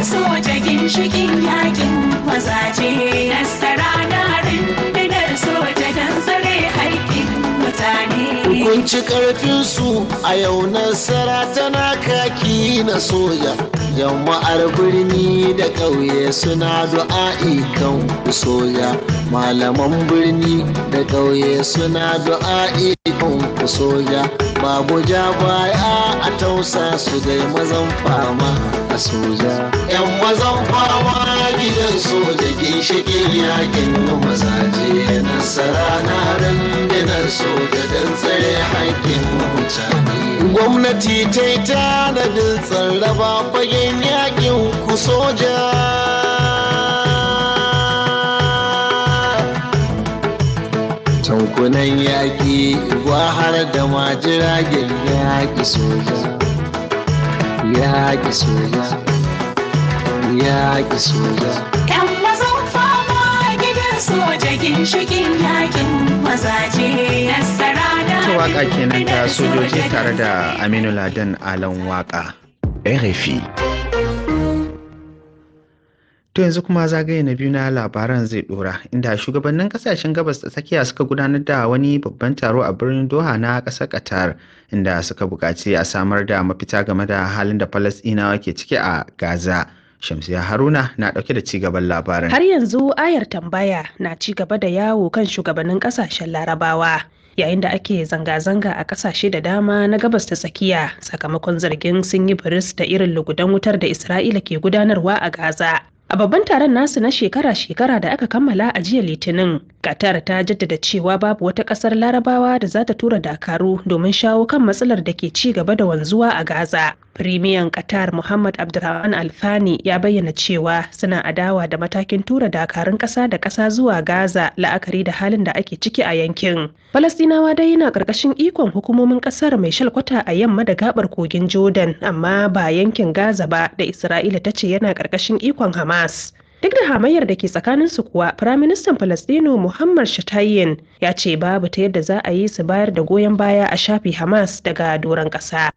soja ginshikin yakin mazaje nasara na rundunar soja don tsare haƙƙin mutane kunci ƙarfinsu a yau nasara tana kaki na soja Jamma'ar birni da ƙauye suna du'a'i kan soja malaman birni da ƙauye suna du'a'i kan ku soja ba guja baya a tausa su dai mazan fama a soja yan mazan fama gidan soja ginshiƙin yakin na mazaje nasara na rundunar soja don tsare haƙƙin mutane gwamnati ta yi tanadin tsarraba fagen yakin ku soja sankunan yaƙi har da majiragen yaƙi soja yaƙi soja yaƙi soja yan mazan fama gidan soja ginshikin yaƙin mazaje nasara da waka kenan ta sojoji tare da aminu ladan alan waka rfi To yanzu kuma zagaye na biyu na labaran zai dora inda shugabannin kasashen gabas da tsakiya suka gudanar da wani babban taro a birnin Doha na ƙasar Qatar inda suka buƙaci a samar da mafita game da halin da Falasɗinawa ke ciki a Gaza. Shamsiya Haruna na ɗauke da cigaban labarin. Har yanzu ayar tambaya na cigaba da yawo kan shugabannin ƙasashen Larabawa. yayin da ake zanga-zanga a ƙasashe da dama na gabas ta tsakiya sakamakon zargin sun yi biris da irin lugudan wutar da isra'ila ke gudanarwa a gaza A babban taron nasu na shekara-shekara da aka kammala a jiya Litinin, Qatar ta jaddada cewa babu wata ƙasar Larabawa da za ta tura dakaru domin shawo kan matsalar da ke ci gaba da wanzuwa a Gaza. Firimiyan Qatar Muhammad Abdulrahman Alfani ya bayyana cewa suna adawa da matakin tura dakarun ƙasa da ƙasa zuwa Gaza la'akari da halin da ake ciki a yankin. Falastinawa dai yana ƙarƙashin ikon hukumomin ƙasar mai shalkwata a yamma da gaɓar kogin Jordan amma ba yankin Gaza ba da Isra'ila ta ce yana ƙarƙashin ikon hama. Hamas. Duk da hamayyar da ke tsakanin su kuwa, Firaministan Falasɗinu Muhammad Shatayin ya ce babu ta yadda za a yi su bayar da goyon baya a shafi Hamas daga doron ƙasa.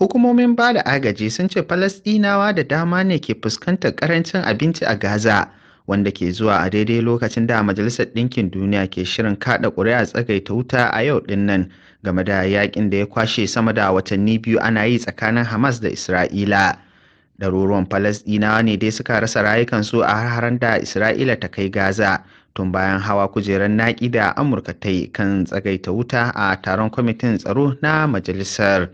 Hukumomin ba da agaji sun ce Falasɗinawa da dama ne ke fuskantar karancin abinci a Gaza, wanda ke zuwa a daidai lokacin da Majalisar Ɗinkin Duniya ke shirin kaɗa ƙuri'a tsagaita wuta a yau ɗin nan game da yaƙin da ya kwashe sama da watanni biyu ana yi tsakanin Hamas da Isra'ila. ɗaruruwan falasɗinawa ne dai suka rasa rayukansu a harharan da isra'ila ta kai gaza tun bayan hawa kujerar naƙi da amurka ta yi kan tsagaita wuta a taron kwamitin tsaro na majalisar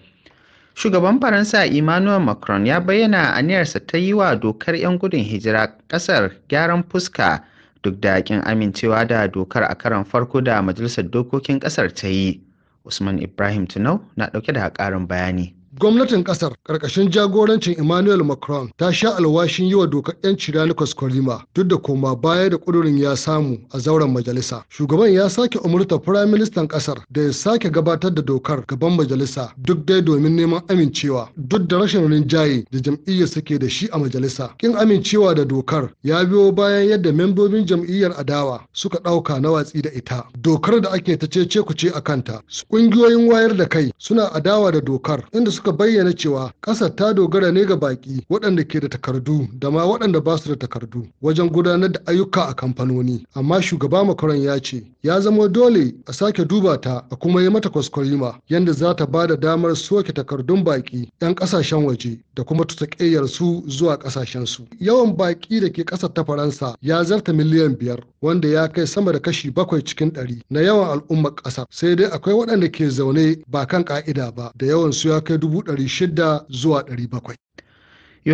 shugaban faransa emmanuel macron ya bayyana aniyarsa ta yi wa dokar 'yan gudun hijira ƙasar gyaran fuska duk da ƙin amincewa da dokar a karan farko da majalisar dokokin ƙasar ta yi usman ibrahim tinau na ɗauke da ƙarin bayani Gwamnatin ƙasar, karkashin jagorancin Emmanuel Macron ta sha alwashin yi wa dokar 'yanci rani kwaskwarima duk da koma baya da kudurin ya samu a zauren majalisa. Shugaban ya sake umurta Firaministan ƙasar da ya sake gabatar da dokar gaban majalisa duk dai domin neman amincewa duk da rashin rinjaye da jam'iyyar suke da shi a majalisa. Kin amincewa da dokar ya biyo bayan yadda membobin jam'iyyar adawa suka ɗauka na watsi da ita. Dokar da ake ta ku ce a kanta. Ƙungiyoyin wayar da kai suna adawa da dokar inda suka aka bayyana cewa ƙasar ta dogara ne ga baƙi waɗanda ke da takardu da ma waɗanda ba su da takardu wajen gudanar da ayyuka a kamfanoni amma shugaba makaron ya ce ya zama dole a sake duba ta a kuma yi mata kwaskwarima yadda za ta ba da damar soke takardun baƙi 'yan ƙasashen waje da kuma tuta su zuwa ƙasashen su yawan baƙi da ke ƙasar ta faransa ya zarta miliyan biyar wanda ya kai sama da kashi bakwai cikin ɗari na yawan al'ummar ƙasar sai dai akwai waɗanda ke zaune ba kan ƙa'ida ba da yawan su ya kai dubu 600 zuwa 700.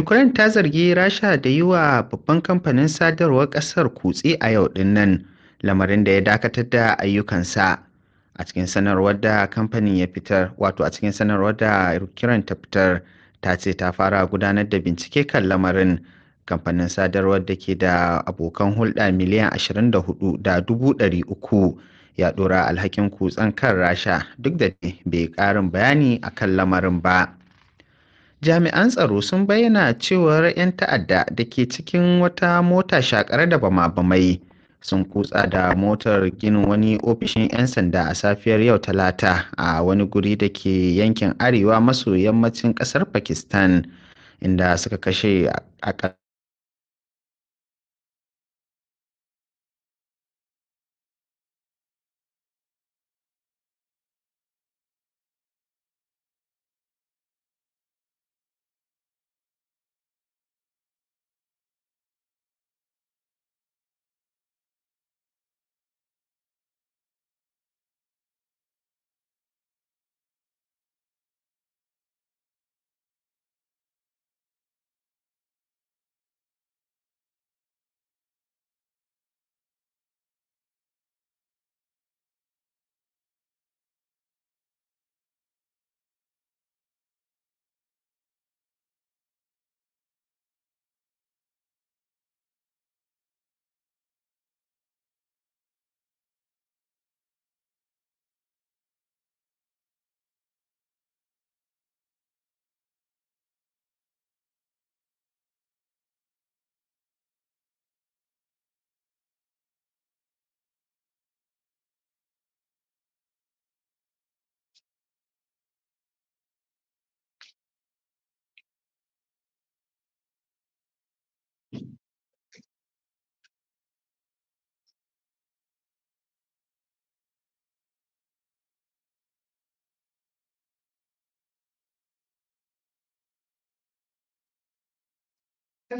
Ukraine ta zargi Rasha da yi wa babban kamfanin sadarwar ƙasar kutse a yau din nan, lamarin da ya dakatar da ayyukansa. A cikin sanarwar da kamfanin ya fitar, wato a cikin sanarwar da Ukraine ta fitar, ta ce ta fara gudanar da bincike kan lamarin. Kamfanin sadarwar da ke da abokan hulɗa miliyan 24 da dubu uku ya ɗora alhakin Kutsan kan rasha duk da bai ƙarin bayani a kan lamarin ba jami'an tsaro sun bayyana cewar 'yan ta'adda da ke cikin wata mota shakar da bama-bamai sun kutsa da motar ginin wani ofishin 'yan sanda a safiyar yau talata a wani guri da ke yankin arewa maso yammacin kasar pakistan inda suka kashe akalla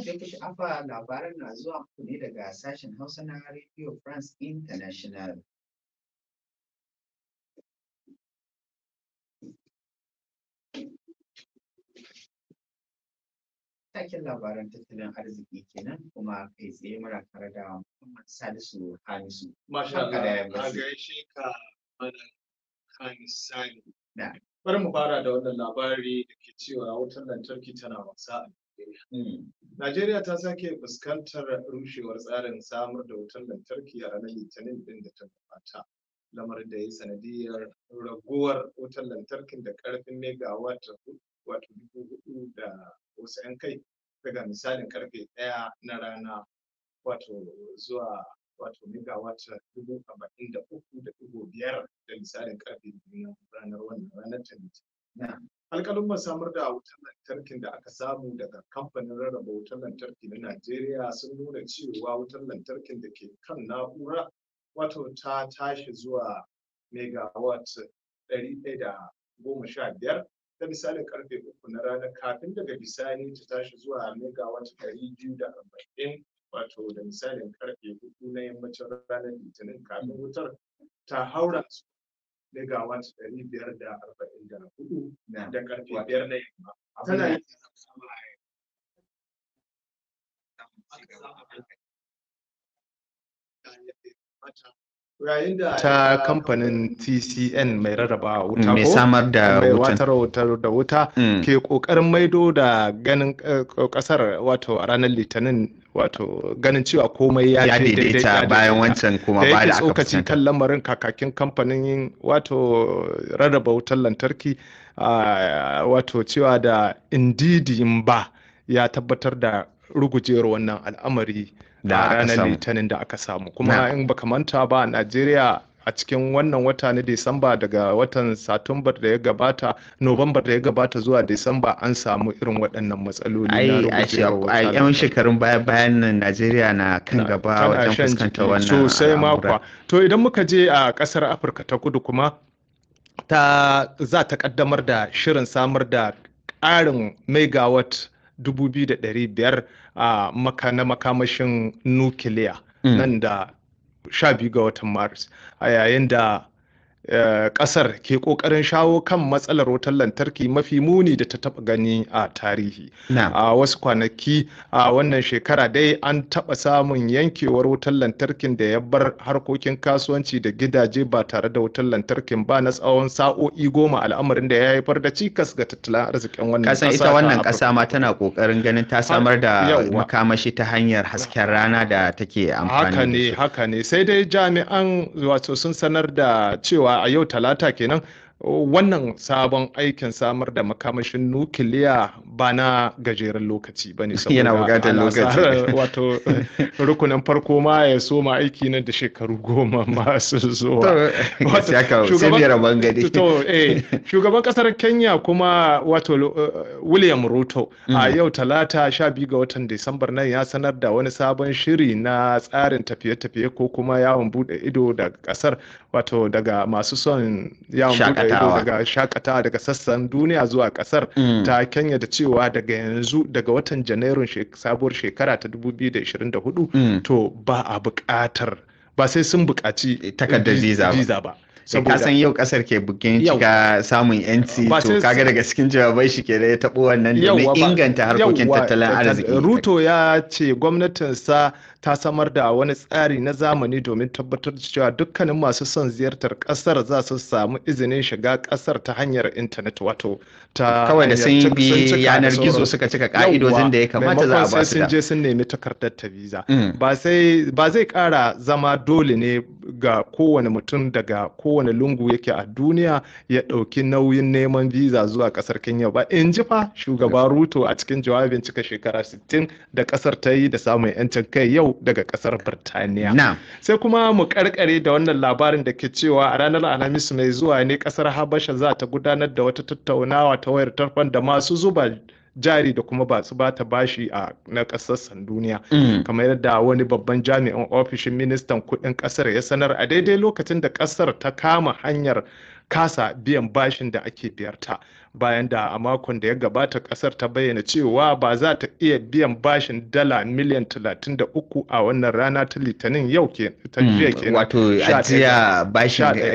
da ku sha'afa labaran na zuwa muku ne daga sashen Hausa na Radio France International. Takin labaran tattalin arziki kenan kuma kai tsaye mara tare da Muhammad Salisu Hamisu. Masha Allah, a gaishe ka mana kan Sani. Bari mu fara da wannan labari da ke cewa wutar lantarki tana wasa a Hmm. Najeriya ta sake fuskantar rushewar tsarin samar da wutar lantarki a ranar Litinin din da ta gabata. lamar da ya sanadiyar raguwar wutar lantarkin da karfin megawatt wato dubu hudu da wasu 'yan kai daga misalin karfe ɗaya na rana wato zuwa wato megawatt dubu arba'in da uku da dubu biyar da misalin karfe biyu na ranar wannan ranar ta alƙalin samar da wutar lantarkin da aka samu daga kamfanin rarraba wutar lantarki na najeriya sun nuna cewa wutar lantarkin da ke kan na'ura wato ta tashi zuwa megawatt biyar ta misalin karfe uku na rana kafin daga bisani ta tashi zuwa megawatt 240 wato da misalin karfe hudu na yammacin ranar litinin kafin wutar ta haura su megawatt ɗari biyar da arba'in da hudu da karfe biyar na yamma tana ta kamfanin tcn mai rarraba wuta mai samar da wutar da wuta mm. ke kokarin maido da ganin eh, kasar wato a ranar litinin wato ganin cewa komai ya daidaita bayan wancan kuma ba da aka tsokaci kan lamarin kakakin kamfanin wato rarraba wutar lantarki wato cewa da indidi ba ya tabbatar da rugujewar wannan al'amari da ranar litinin da aka samu kuma in baka manta ba a najeriya a cikin wannan wata na Disamba daga watan Satumbar da ya gabata, Nuwambar da ya gabata zuwa Disamba an samu irin waɗannan matsaloli na yan shekarun baya bayan nan Najeriya na kan gaba wajen fuskanta wannan sosai makwa. To idan muka je a ƙasar Afirka ta kudu kuma ta za ta kaddamar da shirin samar da ƙarin megawatt 2,500 a maka na makamashin nukiliya mm. nan da 12 ga watan maris a yayin da kasar eh, ke kokarin shawo kan matsalar wutar lantarki mafi muni da ta taba gani a tarihi a wasu kwanaki a wannan shekara dai an taba samun yankewar wutar lantarkin da ya bar harkokin kasuwanci da gidaje ba tare da wutar lantarkin ba na tsawon sa'o'i goma al'amarin da ya haifar da cikas ga tattalin arzikin wannan kasa ita wannan kasa ma tana kokarin ganin ta samar da makamashi ta hanyar hasken rana da take amfani haka ne haka ne sai dai jami'an wato sun sanar da cewa a yau talata kenan wannan sabon aikin samar da makamashin nukiliya ba na gajeren lokaci ba ne yana bukatar lokaci wato rukunin farko ma ya soma aiki nan da shekaru goma [LAUGHS] masu zuwa shugaban kasar eh, kenya kuma wato eh, william ruto a mm. yau talata sha biyu ga watan disambar nan ya sanar da wani sabon shiri na tsarin tafiye-tafiye ko kuma yawon bude ido da kasar wato daga masu son yawon bude daga shakatawa daga sassan duniya zuwa kasar mm. ta kenya da cewa daga yanzu daga watan janairun sabuwar shekara ta 2024 mm. to ba a bukatar ba sai sun bukaci takardar visa ba saboda san yau kasar ke bukin cika samun yanci to kaga daga cikin jawabai shi ke da ya taɓo wannan domin inganta harkokin tattalin eh, arziki eh, ruto ya ce gwamnatinsa ta samar da wani tsari na zamani domin tabbatar da cewa dukkanin masu son ziyartar kasar za su samu izinin shiga kasar ta hanyar intanet wato ta kawai da sun bi yanar gizo suka cika ka'idojin da ya kamata za a ba su sun je sun nemi takardar ta visa mm. ba sai ba zai kara zama dole ne ga kowane mutum daga ko kowane lungu yake a duniya ya ɗauki nauyin neman visa zuwa ƙasar kenya ba in ji fa shugaba ruto a cikin jawabin cika shekara 60 da ƙasar ta yi da samun 'yancin kai yau daga ƙasar birtaniya sai kuma mu karkare da wannan labarin da ke cewa a ranar alhamis mai zuwa ne ƙasar habasha za ta gudanar da wata tattaunawa ta wayar tarfan da masu zuba jari da kuma ba su bata bashi a na kasassan duniya mm. kamar yadda wani babban jami'in ofishin ministan kudin kasar ya sanar a daidai lokacin da kasar ta kama hanyar kasa biyan bashin da ake biyarta bayan da a makon da ya gabata kasar ta bayyana cewa ba za ta iya biyan bashin dala miliyan 33 a wannan rana ta litinin yau ke ta hmm, jiya ke wato ajiya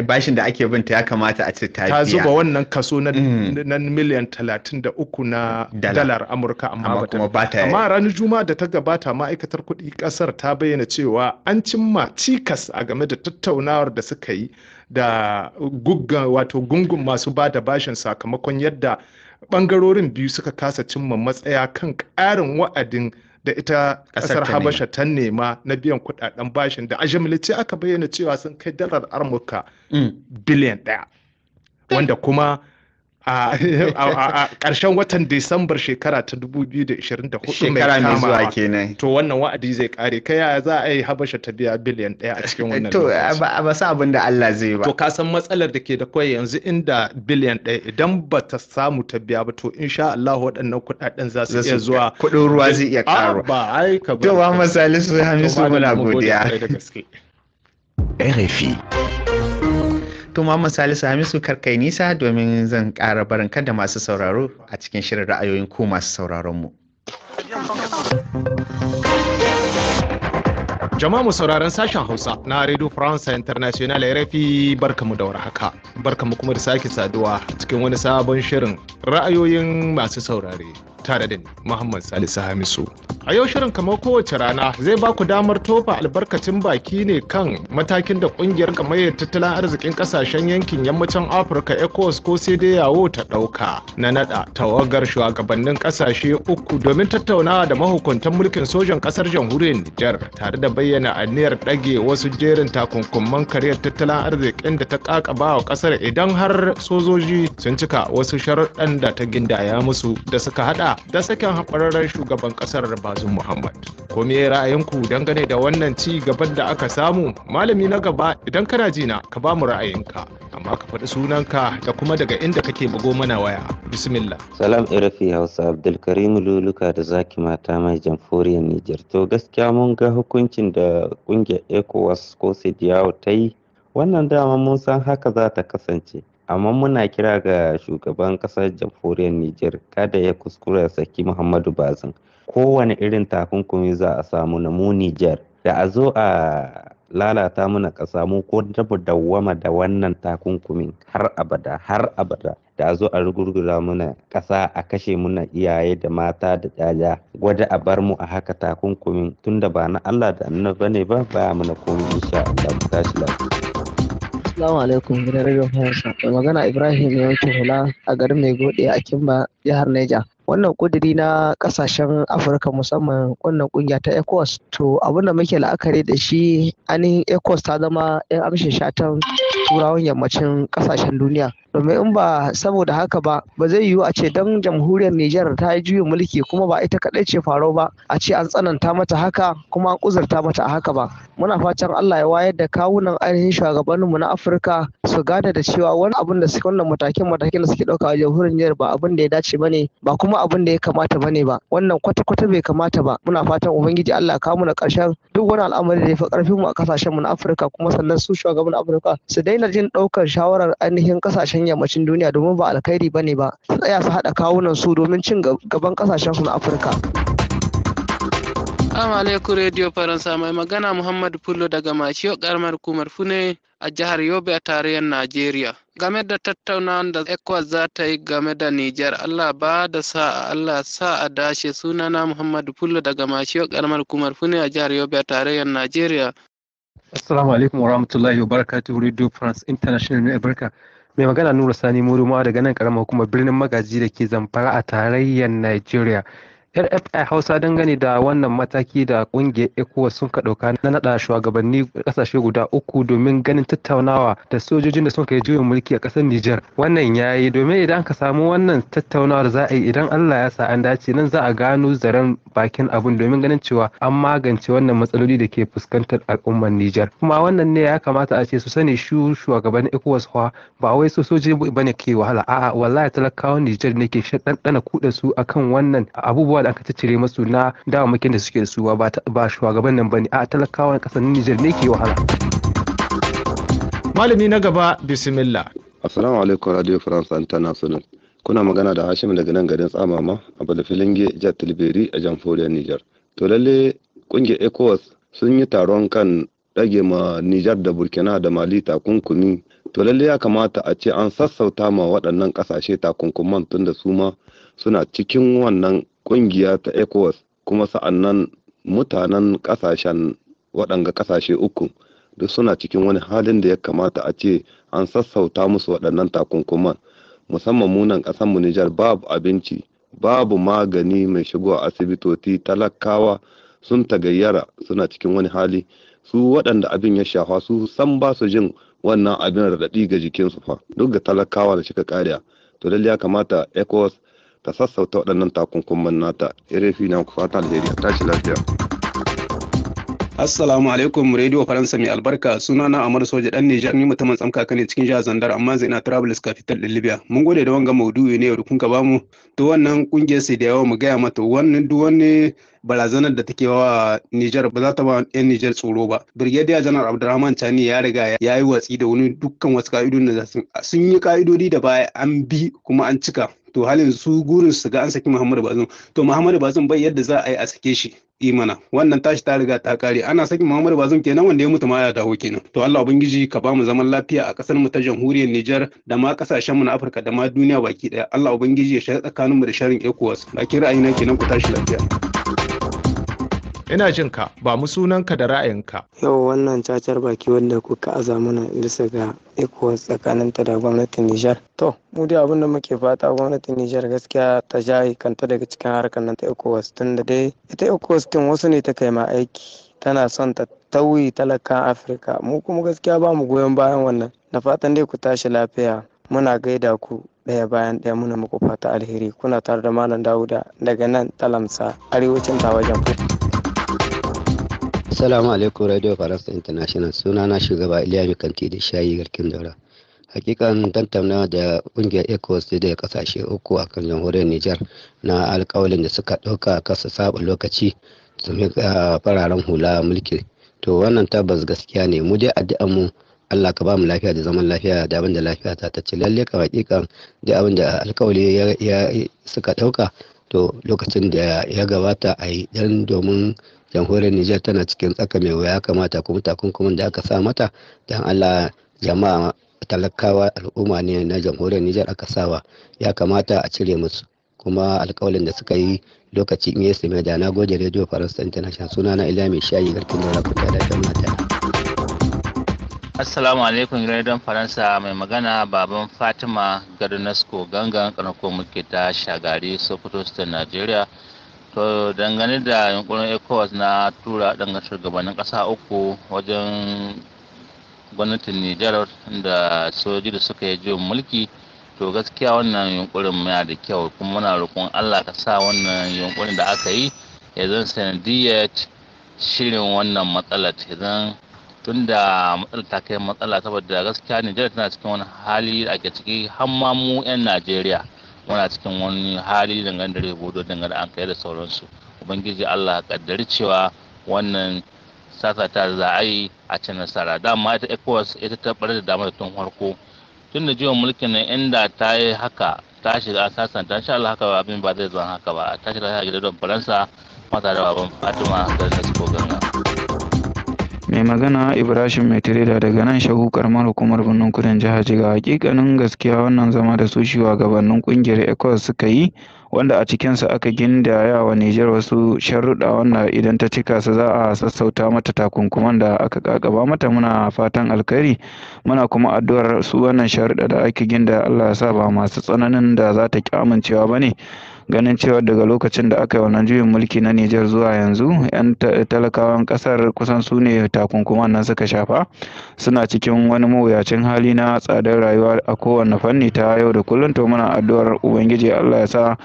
bashin da ake binta ya kamata a ce ta biya ta zuba wannan kaso na hmm. miliyan 33 na dalar amurka amma ba ta amma ranar juma'a da ta gabata ma'aikatar kuɗi kasar ta bayyana cewa an cimma cikas a game da tattaunawar da suka yi da guggan gungun masu ba da bashin sakamakon yadda bangarorin biyu suka kasa cimma matsaya kan ƙarin wa'adin da ita ƙasar habasha ta nema na biyan kuɗaɗen bashin da a aka bayyana cewa sun kai dalar amurka mm. biliyan ɗaya wanda kuma [LAUGHS] a ƙarshen watan Disambar shekara ta 2024 mai kama kenan to wannan wa'adi zai kare kai ya za a yi habasha ta biya biliyan ɗaya a cikin wannan to ba sa abin da Allah zai ba to ka san matsalar da ke da kai yanzu inda biliyan ɗaya idan ba ta samu ta biya ba to insha Allah waɗannan kuɗaɗen za su iya zuwa kuɗin ruwa zai iya ah, ƙaruwa ba ai ka ba to ba misali su hamisu muna godiya RFI to misali Salisu Hamisu karkai nisa domin zan ƙara barin da masu sauraro a cikin shirin ra'ayoyin ko masu sauraron mu. Jama'a mu sauraron sashen Hausa na Radio France International RFI barkamu da warhaka. Barkamu kuma da sake saduwa cikin wani sabon shirin ra'ayoyin masu saurare. tare da Muhammad Salisu Hamisu. A yau shirin kamar kowace rana zai ba ku damar tofa albarkacin baki ne kan matakin da kungiyar kamayyar tattalin arzikin kasashen yankin yammacin Afirka ECOWAS ko sai dai yawo ta ɗauka na nada tawagar shugabannin kasashe uku domin tattaunawa da mahukuntan mulkin sojan kasar jamhuriyar Nijar tare da bayyana aniyar ɗage wasu jerin takunkuman kariyar tattalin arzikin da ta kakaba wa kasar idan har sojoji sun cika wasu sharuɗan da ta gindaya musu da suka hada Najeriya da sakin hafararren shugaban ƙasar Bazum Muhammad. Ko me ra'ayinku dangane da wannan ci gaban da aka samu? Malami na gaba idan kana jina ka ba mu ra'ayinka. Amma ka faɗi sunanka da kuma daga inda kake bugo mana waya. Bismillah. Salam Irafi Hausa Abdulkarim Luluka da Zaki Mata mai jamforiyar Nijar. To gaskiya mun ga hukuncin da ƙungiyar ECOWAS ko Sidiyawa ta yi wannan dama mun san haka za ta kasance amma muna kira ga shugaban kasar jamhuriyar Nijar kada ya kuskura saki Muhammadu Bazin kowane irin takunkumi za a samu na mu Nijar da a zo a lalata muna kasa mu ko da dawwama da wannan takunkumin har abada har abada da a zo a rugurgura muna ƙasa a kashe muna iyaye da mata da daya gwada a bar mu a haka takunkumin tunda ba na Allah da annabi ne ba ba muna komai insha Allah mu tashi lafiya Assalamu alaikum gidan Radio Faransa. Mai magana Ibrahim Yankin Hula a garin Mai Gode a Kimba, jihar Neja. Wannan kudiri na kasashen Afirka musamman wannan kungiya ta ECOWAS. To abin da muke la'akari da shi ainihin ECOWAS ta zama 'yan amshin shatan turawan yammacin kasashen duniya domin in ba saboda haka ba ba zai yiwu a ce dan jamhuriyar Nijar ta yi juyin mulki kuma ba ita kadai ce faro ba a ce an tsananta mata haka kuma an kuzurta mata a haka ba muna fatan Allah ya wayar da kawunan ainihin shugabanninmu na Afirka su gane da cewa wani abin da suke wannan matakin matakin da suke ɗauka a jamhuriyar Nijar ba abin da ya dace ba ne ba kuma abin da ya kamata ba ne ba wannan kwata-kwata bai kamata ba muna fatan ubangiji Allah ya kawo mu na ƙarshen duk wani al'amari da ya fi ƙarfin mu a kasashen mu na Afirka kuma sannan su shugaban Afirka su dai daina jin ɗaukar shawarar ainihin kasashen yammacin duniya domin ba alkhairi ba ne ba su tsaya su haɗa kawunan su domin cin gaban kasashen su na afirka Assalamu alaikum Radio Faransa mai magana Muhammad pullo daga maciyo karamar kumar Fune a jihar Yobe a tarayyar Najeriya. Game da tattaunawar da ECOWAS za ta yi game da Nijar, Allah ba da sa'a Allah sa a dashe sunana Muhammad pullo daga maciyo karamar kumar Fune a jihar Yobe a tarayyar Najeriya. Assalamu alaikum wa wabarakatuh Radio France International na Afirka. Mai magana Nura Sani Muruma daga nan karamar hukumar birnin Magaji da ke Zamfara a tarayyar Najeriya. rfi hausa dangane da wannan mataki da kungiyar ecowas sun ka dauka na nada shugabanni kasashe guda uku domin ganin tattaunawa da sojojin da suka yi juyin mulki a kasar niger wannan yayi yi domin idan ka samu wannan tattaunawar za a yi idan allah ya sa an dace nan za a gano zaren bakin abun domin ganin cewa an magance wannan matsaloli da ke fuskantar al'ummar niger kuma wannan ne ya kamata a ce su sani shu shugabannin ecowas ba wai sojoji ba ne ke wahala a'a wallahi talakawan niger ne ke ɗanɗana kuɗa su akan wannan abubuwa aka cire masu na makin da suke da su ba shugaban nan bane a talakawan kasar Nijar ne ke wahala malami na gaba bismillah assalamu alaikum radio france international kuna magana da hashim daga nan garin tsamama a Filinge jihar tilberi a jamhuriyar niger to lalle kungiyar ecowas sun yi taron kan ɗage ma niger da burkina da mali takunkumi to lalle ya kamata a ce an sassauta ma waɗannan ƙasashe takunkuman tun da su ma suna cikin wannan ƙungiya ta ecowas kuma sa'annan mutanen ƙasashen waɗanga ƙasashe uku duk suna cikin wani halin da ya kamata a ce an sassauta musu waɗannan takunkuman musamman munan mu nijar babu abinci babu magani mai shigowa asibitoci talakawa sun tagayyara suna cikin wani hali su waɗanda abin ya shafa su san ba su jin wannan abin raɗaɗi ga jikinsu fa duk ga talakawa da suka kariya to lalle ya kamata ecowas ta sassauta waɗannan takunkuman nata irin na ku fata alheri ta ci lafiya Assalamu alaikum Radio Faransa mai albarka sunana Amar Soja dan Nijar ni mutumin tsamkaka ne cikin jihar Zandar amma zai na Travelers Capital din Libya. Mun gode da wanga maudu'i ne yau kun ka bamu to wannan kungiyar sai da yawa mu gaya mata wannan duk wani barazanar da take wa Nijar ba za ta ba 'yan Nijar tsoro ba. Brigadier Janar Abdulrahman Chani ya riga ya yi watsi da wani dukkan wasu ka'idodi da sun yi ka'idodi da baya an bi kuma an cika. to halin su gurin su ga an saki Muhammadu Bazum to Muhammadu Bazum bai yadda za a yi a sake shi imana wannan tashi ta riga ta kare ana saki Muhammadu Bazum kenan wanda ya mutu ma ya dawo kenan to Allah ubangiji ka ba mu zaman lafiya a kasar mu ta jamhuriyar Niger da ma kasashen mu na Afirka da ma duniya baki daya Allah ubangiji ya shiga tsakanin mu da sharin ECOWAS bakin ra'ayi na kenan ku tashi lafiya ina jin ka ba mu ka da ra'ayin ka. yau wannan cacar baki wanda kuka aza mana bisa ga ecowas tsakaninta da gwamnatin nijar to mu dai abin muke fata gwamnatin nijar gaskiya ta jaye kanta daga cikin harkar nan ta ikuwa tun da dai ita ikuwa tun wasu ne ta kai ma aiki tana son ta tauyi talakan afirka mu kuma gaskiya ba mu goyon bayan wannan da fatan dai ku tashi lafiya muna gaida ku daya bayan ɗaya muna muku fata alheri kuna tare da malam dauda daga nan talamsa arewacin ku Assalamu alaikum Radio Faransa International suna na shugaba Iliya Mikanti da Shayi Garkin Daura. Hakikan tantamna da kungiyar ECOWAS da kasashe uku a kan jamhuriyar Nijar na alkawalin da suka ɗauka kasa saba lokaci domin fararen hula mulki. To wannan tabbas gaskiya ne mu dai addu'an mu Allah ka ba mu lafiya da zaman lafiya da abin da lafiya ta tace lalle ka hakikan da abin da alkawali suka ɗauka to lokacin da ya gabata a yi dan domin jamhuriyar niger tana cikin tsaka mai wuya kamata kuma takunkumin da aka sa mata don allah jama'a talakawa al'umma ne na jamhuriyar niger aka sawa ya kamata a cire musu kuma alkawalin da suka yi lokaci in yasa mai da na gode radio faransa international suna na ila mai shayi garkin da rakuta da mata assalamu alaikum radio faransa mai magana baban fatima garnasko gangan karnako muke ta shagari sokoto state nigeria to dangane da yunkurin ecowas na tura dangan shugabannin kasa uku wajen gwamnatin nijar da sojoji da suka yi juyin mulki to gaskiya wannan yunkurin yana da kyau kuma muna roƙon allah ka sa wannan yunkurin da aka yi ya zan sanadiyar shirin wannan matsala ya zan tun da matsala ta kai matsala saboda gaskiya nijar tana cikin wani hali da ake ciki har mu 'yan najeriya muna cikin wani hali dangane da rigodo dangane an kai da sauransu ubangiji allah kaddari cewa wannan sasata za a yi a ci nasara dama ita ecowas ita ta bar da damar tun farko tun da jiwon mulkin nan inda ta yi haka ta shiga sasanta insha allah haka abin ba zai zan haka ba ta shiga gidan faransa mata da babban fatima da nasu ganga Mai magana Ibrahim Mai Tireda daga nan shagu karmar hukumar Birnin kudin jihar jiga Hakikanin gaskiya wannan zama da su gabanin kungiyar ecos suka yi wanda a cikinsa aka gindaya wa Nijar wasu sharuɗa wanda idan ta cika su za a sassauta mata takunkuman da aka kakaba mata muna fatan alkhairi muna kuma addu'ar su wannan sharuɗa da aka ginda Allah ya sa ba masu tsananin da za ta ki amincewa ba ne. Ganin cewa daga lokacin da aka yi wannan juyin mulki na Nijar zuwa yanzu, 'yan talakawan kasar kusan su ne takunkuman nan suka shafa, suna cikin wani mawuyacin hali na tsadar rayuwa a kowane fanni ta yau da kullum to muna addu'ar Ubangiji Allah ya sa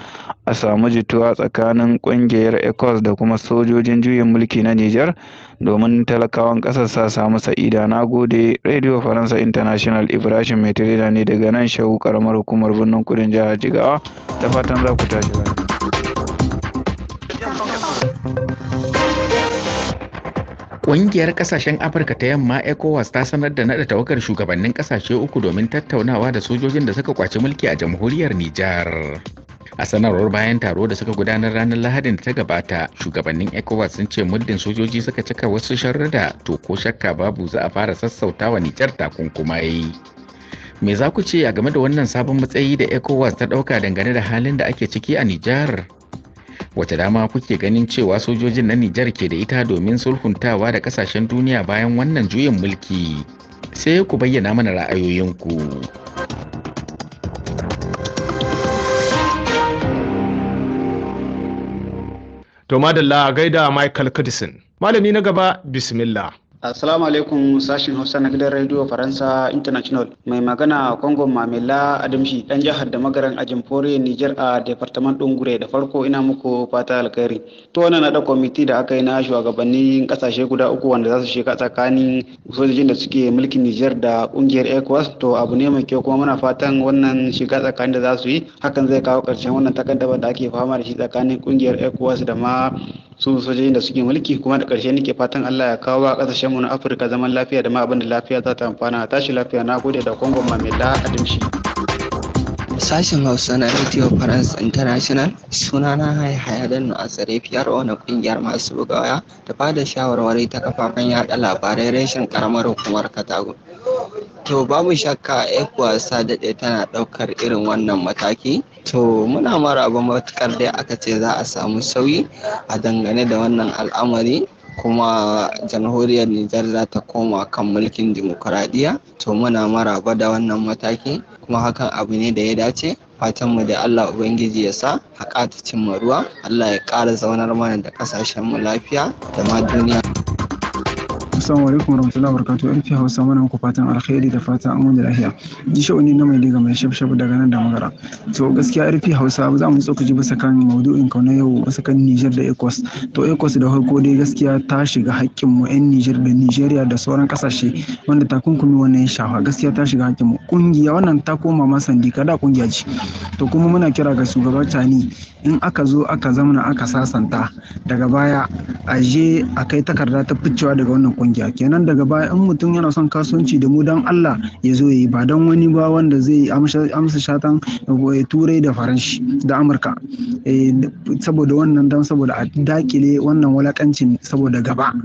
a samu jituwa tsakanin kungiyar ECOWAS da kuma sojojin juyin mulki na Nijar domin talakawan kasar sa samu sa'ida. Na gode Radio Faransa International Ibrahim Metirida ne daga nan shehu karamar hukumar birnin kudin jihar Jigawa da fatan za ku tashi. Ƙungiyar ƙasashen Afirka ta yamma ECOWAS ta sanar da naɗa tawakar shugabannin ƙasashe uku domin tattaunawa da sojojin da suka kwaci mulki a jamhuriyar Nijar. a sanarwar bayan taro da suka gudanar ranar lahadin da ta gabata shugabannin ecowas sun ce muddin sojoji suka cika wasu sharrada to ko shakka babu za a fara sassautawa nijar takunkumai Me za ku ce a game da wannan sabon matsayi da ECOWAS ta ɗauka dangane da halin da ake ciki a Nijar? Wace dama kuke ganin cewa sojojin na Nijar ke da ita domin sulhuntawa da kasashen duniya bayan wannan juyin mulki? Sai ku bayyana mana ra'ayoyinku. To madalla gaida Michael Cudison. Malami na gaba, Bismillah. Assalamu alaikum sashin Hausa na gidan Radio Faransa International. Mai magana Kongo Mamela Adamshi dan jihar da magaran ajin Fore Niger a Departement ɗin Gure da farko ina muku fata alkhairi. To wannan da kwamiti da aka yi na shugabannin kasashe guda uku wanda za su shiga tsakanin sojojin da suke mulkin nijar da ƙungiyar ECOWAS to abu ne mai kyau kuma muna fatan wannan shiga tsakanin da za su yi hakan zai kawo ƙarshen wannan takaddama da ake fama da shi tsakanin ƙungiyar ECOWAS da ma su sojojin da suke mulki kuma da karshe nake fatan Allah ya kawo a ƙasashen mu na Afirka zaman lafiya da ma abin da lafiya za ta amfana tashi lafiya na gode da kongon mamila adamshi sashen hausa na radio france international suna na haihaya da a tsare fiyar wani kungiyar masu bugawa da ba shawarwari ta kafafen yada labarai reshen karamar hukumar katago To babu shakka 'yan wasa daɗe tana ɗaukar irin wannan mataki. To muna maraba matukar dai aka ce za a samu sauyi a dangane da wannan al'amari kuma jamhuriyar Nijar za ta koma kan mulkin dimokuraɗiyya. To muna maraba da wannan mataki kuma hakan abu ne da ya dace. fatanmu da Allah Ubangiji ya sa haƙa ta cimma ruwa, Allah ya ƙara zaunar mana da ƙasashenmu lafiya da ma duniya. Assalamu alaikum warahmatullahi wabarakatuh. fiye Hausa mana ku fatan alkhairi da fatan an da lafiya. Ji wani na mai daga mai shabshab daga nan da magara. To gaskiya fiye Hausa za mu tsokaci bisa kan maudu'in kauna yau bisa kan Niger da Ecos. To Ecos da farko dai gaskiya ta shiga haƙƙin mu 'yan Niger da Nigeria da sauran kasashe wanda takunkumi wannan ya shafa gaskiya ta shiga haƙƙin mu. Kungiya wannan ta koma ma sandika da kungiya ce. To kuma muna kira ga shugaba Tani in aka zo aka zamana aka sasanta daga baya a je a kai takarda ta ficewa daga wannan kungiya kenan daga baya in mutum yana son kasuwanci da mu dan Allah ya zo yi ba dan wani ba wanda zai amsa shatan eh, turai da faranshi da amurka eh, saboda wannan dan saboda a dakile wannan walakancin saboda gaba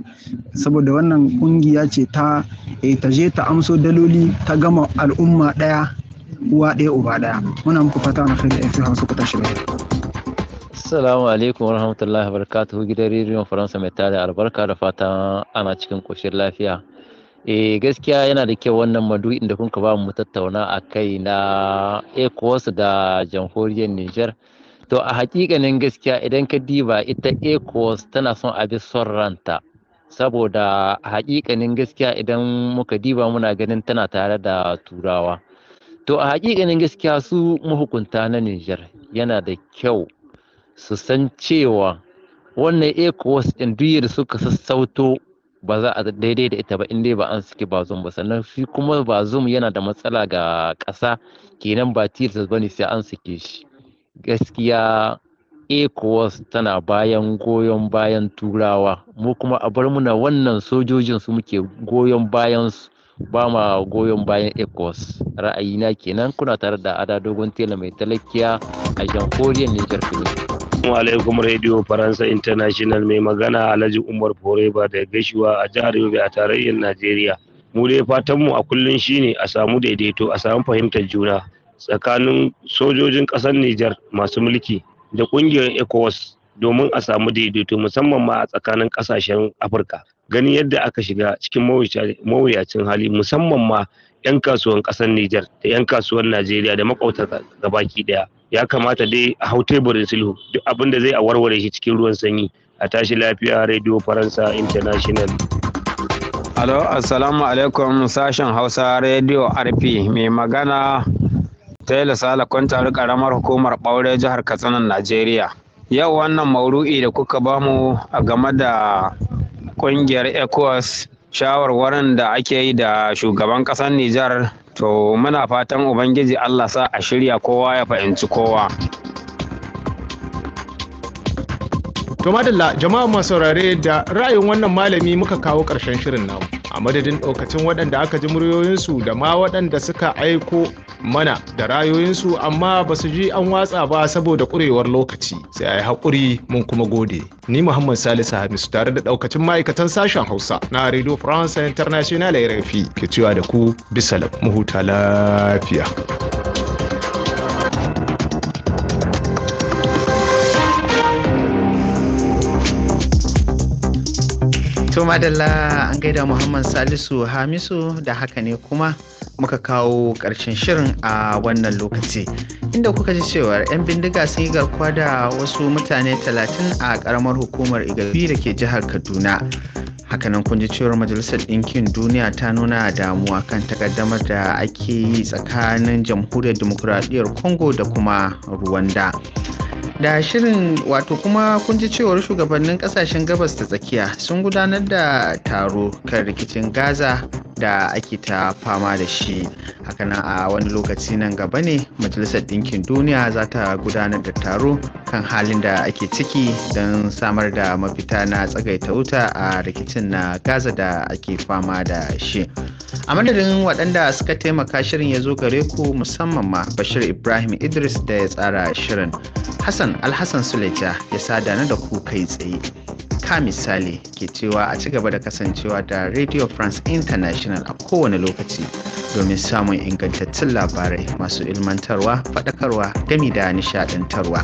saboda wannan kungiya ce ta eh, ta je ta amso daloli ta gama al'umma daya uwa daya uba daya muna muku fata na kai da yanzu hausa ku tashi Assalamu alaikum wa rahmatullahi wa barakatuhu gidan rediyon Faransa mai tare albarka da fata ana cikin koshin lafiya. E gaskiya yana da kyau wannan madu'in da kuka ba mu tattauna a kai na ECOWAS da jamhuriyar Nijar. To a hakikanin gaskiya idan ka diba ita ECOWAS tana son a bi son ranta. Saboda a hakikanin gaskiya idan muka diba muna ganin tana tare da turawa. To a hakikanin gaskiya su mahukunta na Nijar yana da kyau su san cewa wannan ecowas ɗin duk da suka sassauto ba za a daidai da ita ba in dai ba an suke ba zoom ba sannan shi kuma ba bazum yana da matsala ga ƙasa kenan ba tilas ne sai an suke shi gaskiya ecowas tana bayan goyon bayan turawa mu kuma a bar muna wannan sojojin su muke goyon bayan su ba ma goyon bayan ecowas ra'ayina kenan kuna tare da ada dogon tela mai talakiya a jamhuriyar niger Assalamu alaikum Radio Faransa International mai magana Alhaji Umar Foreba da gashiwa a jihar Yobe a tarayyar Najeriya. Mu dai mu a kullum shine a samu daidaito a samu fahimtar juna tsakanin sojojin ƙasar Nijar masu mulki da ƙungiyar ECOWAS domin a samu daidaito musamman ma a tsakanin ƙasashen Afirka. Gani yadda aka shiga cikin mawuyacin hali musamman ma 'yan kasuwan ƙasar Nijar da 'yan kasuwan Najeriya da makwauta gabaki daya ya kamata dai a hau teburin sulhu duk abin da zai a warware shi cikin ruwan sanyi a tashi lafiya radio faransa international alo assalamu alaikum sashen hausa radio rp mai magana taylor sala kwantar karamar hukumar ɓaure jihar katsina najeriya yau wannan mauru'i da kuka bamu a game da ƙungiyar ecos shawarwarin da ake yi da shugaban ƙasar Nijar to muna fatan Ubangiji Allah sa a shirya kowa ya fahimci kowa. To madalla jama'a masu saurare da ra'ayin wannan malami muka kawo ƙarshen shirin namu. A madadin ɗaukacin waɗanda aka ji muryoyinsu da ma waɗanda suka aiko mana da rayoyinsu amma ba su ji an watsa ba saboda kurewar lokaci sai a yi haƙuri mun kuma gode ni muhammad salisu hamisu tare da ɗaukacin ma'aikatan sashen hausa na radio france international ya rafi ke cewa da ku bisa mu lafiya To madalla an gaida Muhammad Salisu Hamisu da haka ne kuma muka kawo ƙarshen shirin a wannan lokaci inda kuka ji cewar 'yan bindiga sun yi garkuwa da wasu mutane 30 a ƙaramar hukumar igabi da ke jihar kaduna hakanan kun ji cewar majalisar ɗinkin duniya ta nuna damuwa kan takaddamar da ake yi tsakanin jamhuriyar demokuraɗiyyar congo da kuma rwanda da shirin wato kuma kun ji cewar shugabannin kasashen gabas ta tsakiya sun gudanar da taro kan rikicin gaza da ake ta fama da shi haka hakanan a wani lokaci nan gaba ne majalisar ɗinkin duniya za ta gudanar da taro kan halin da ake ciki don samar da mafita na tsagaita wuta a rikicin na gaza da ake fama da shi a madadin waɗanda suka taimaka shirin ya zo gare ku musamman ma bashir ibrahim idris da ya tsara shirin hassan alhassan suleja ya sadana da ku kai tsaye ka misali ke cewa a ci gaba da kasancewa da radio france international a kowane lokaci domin samun ingantattun labarai masu ilmantarwa faɗakarwa gami da nishaɗantarwa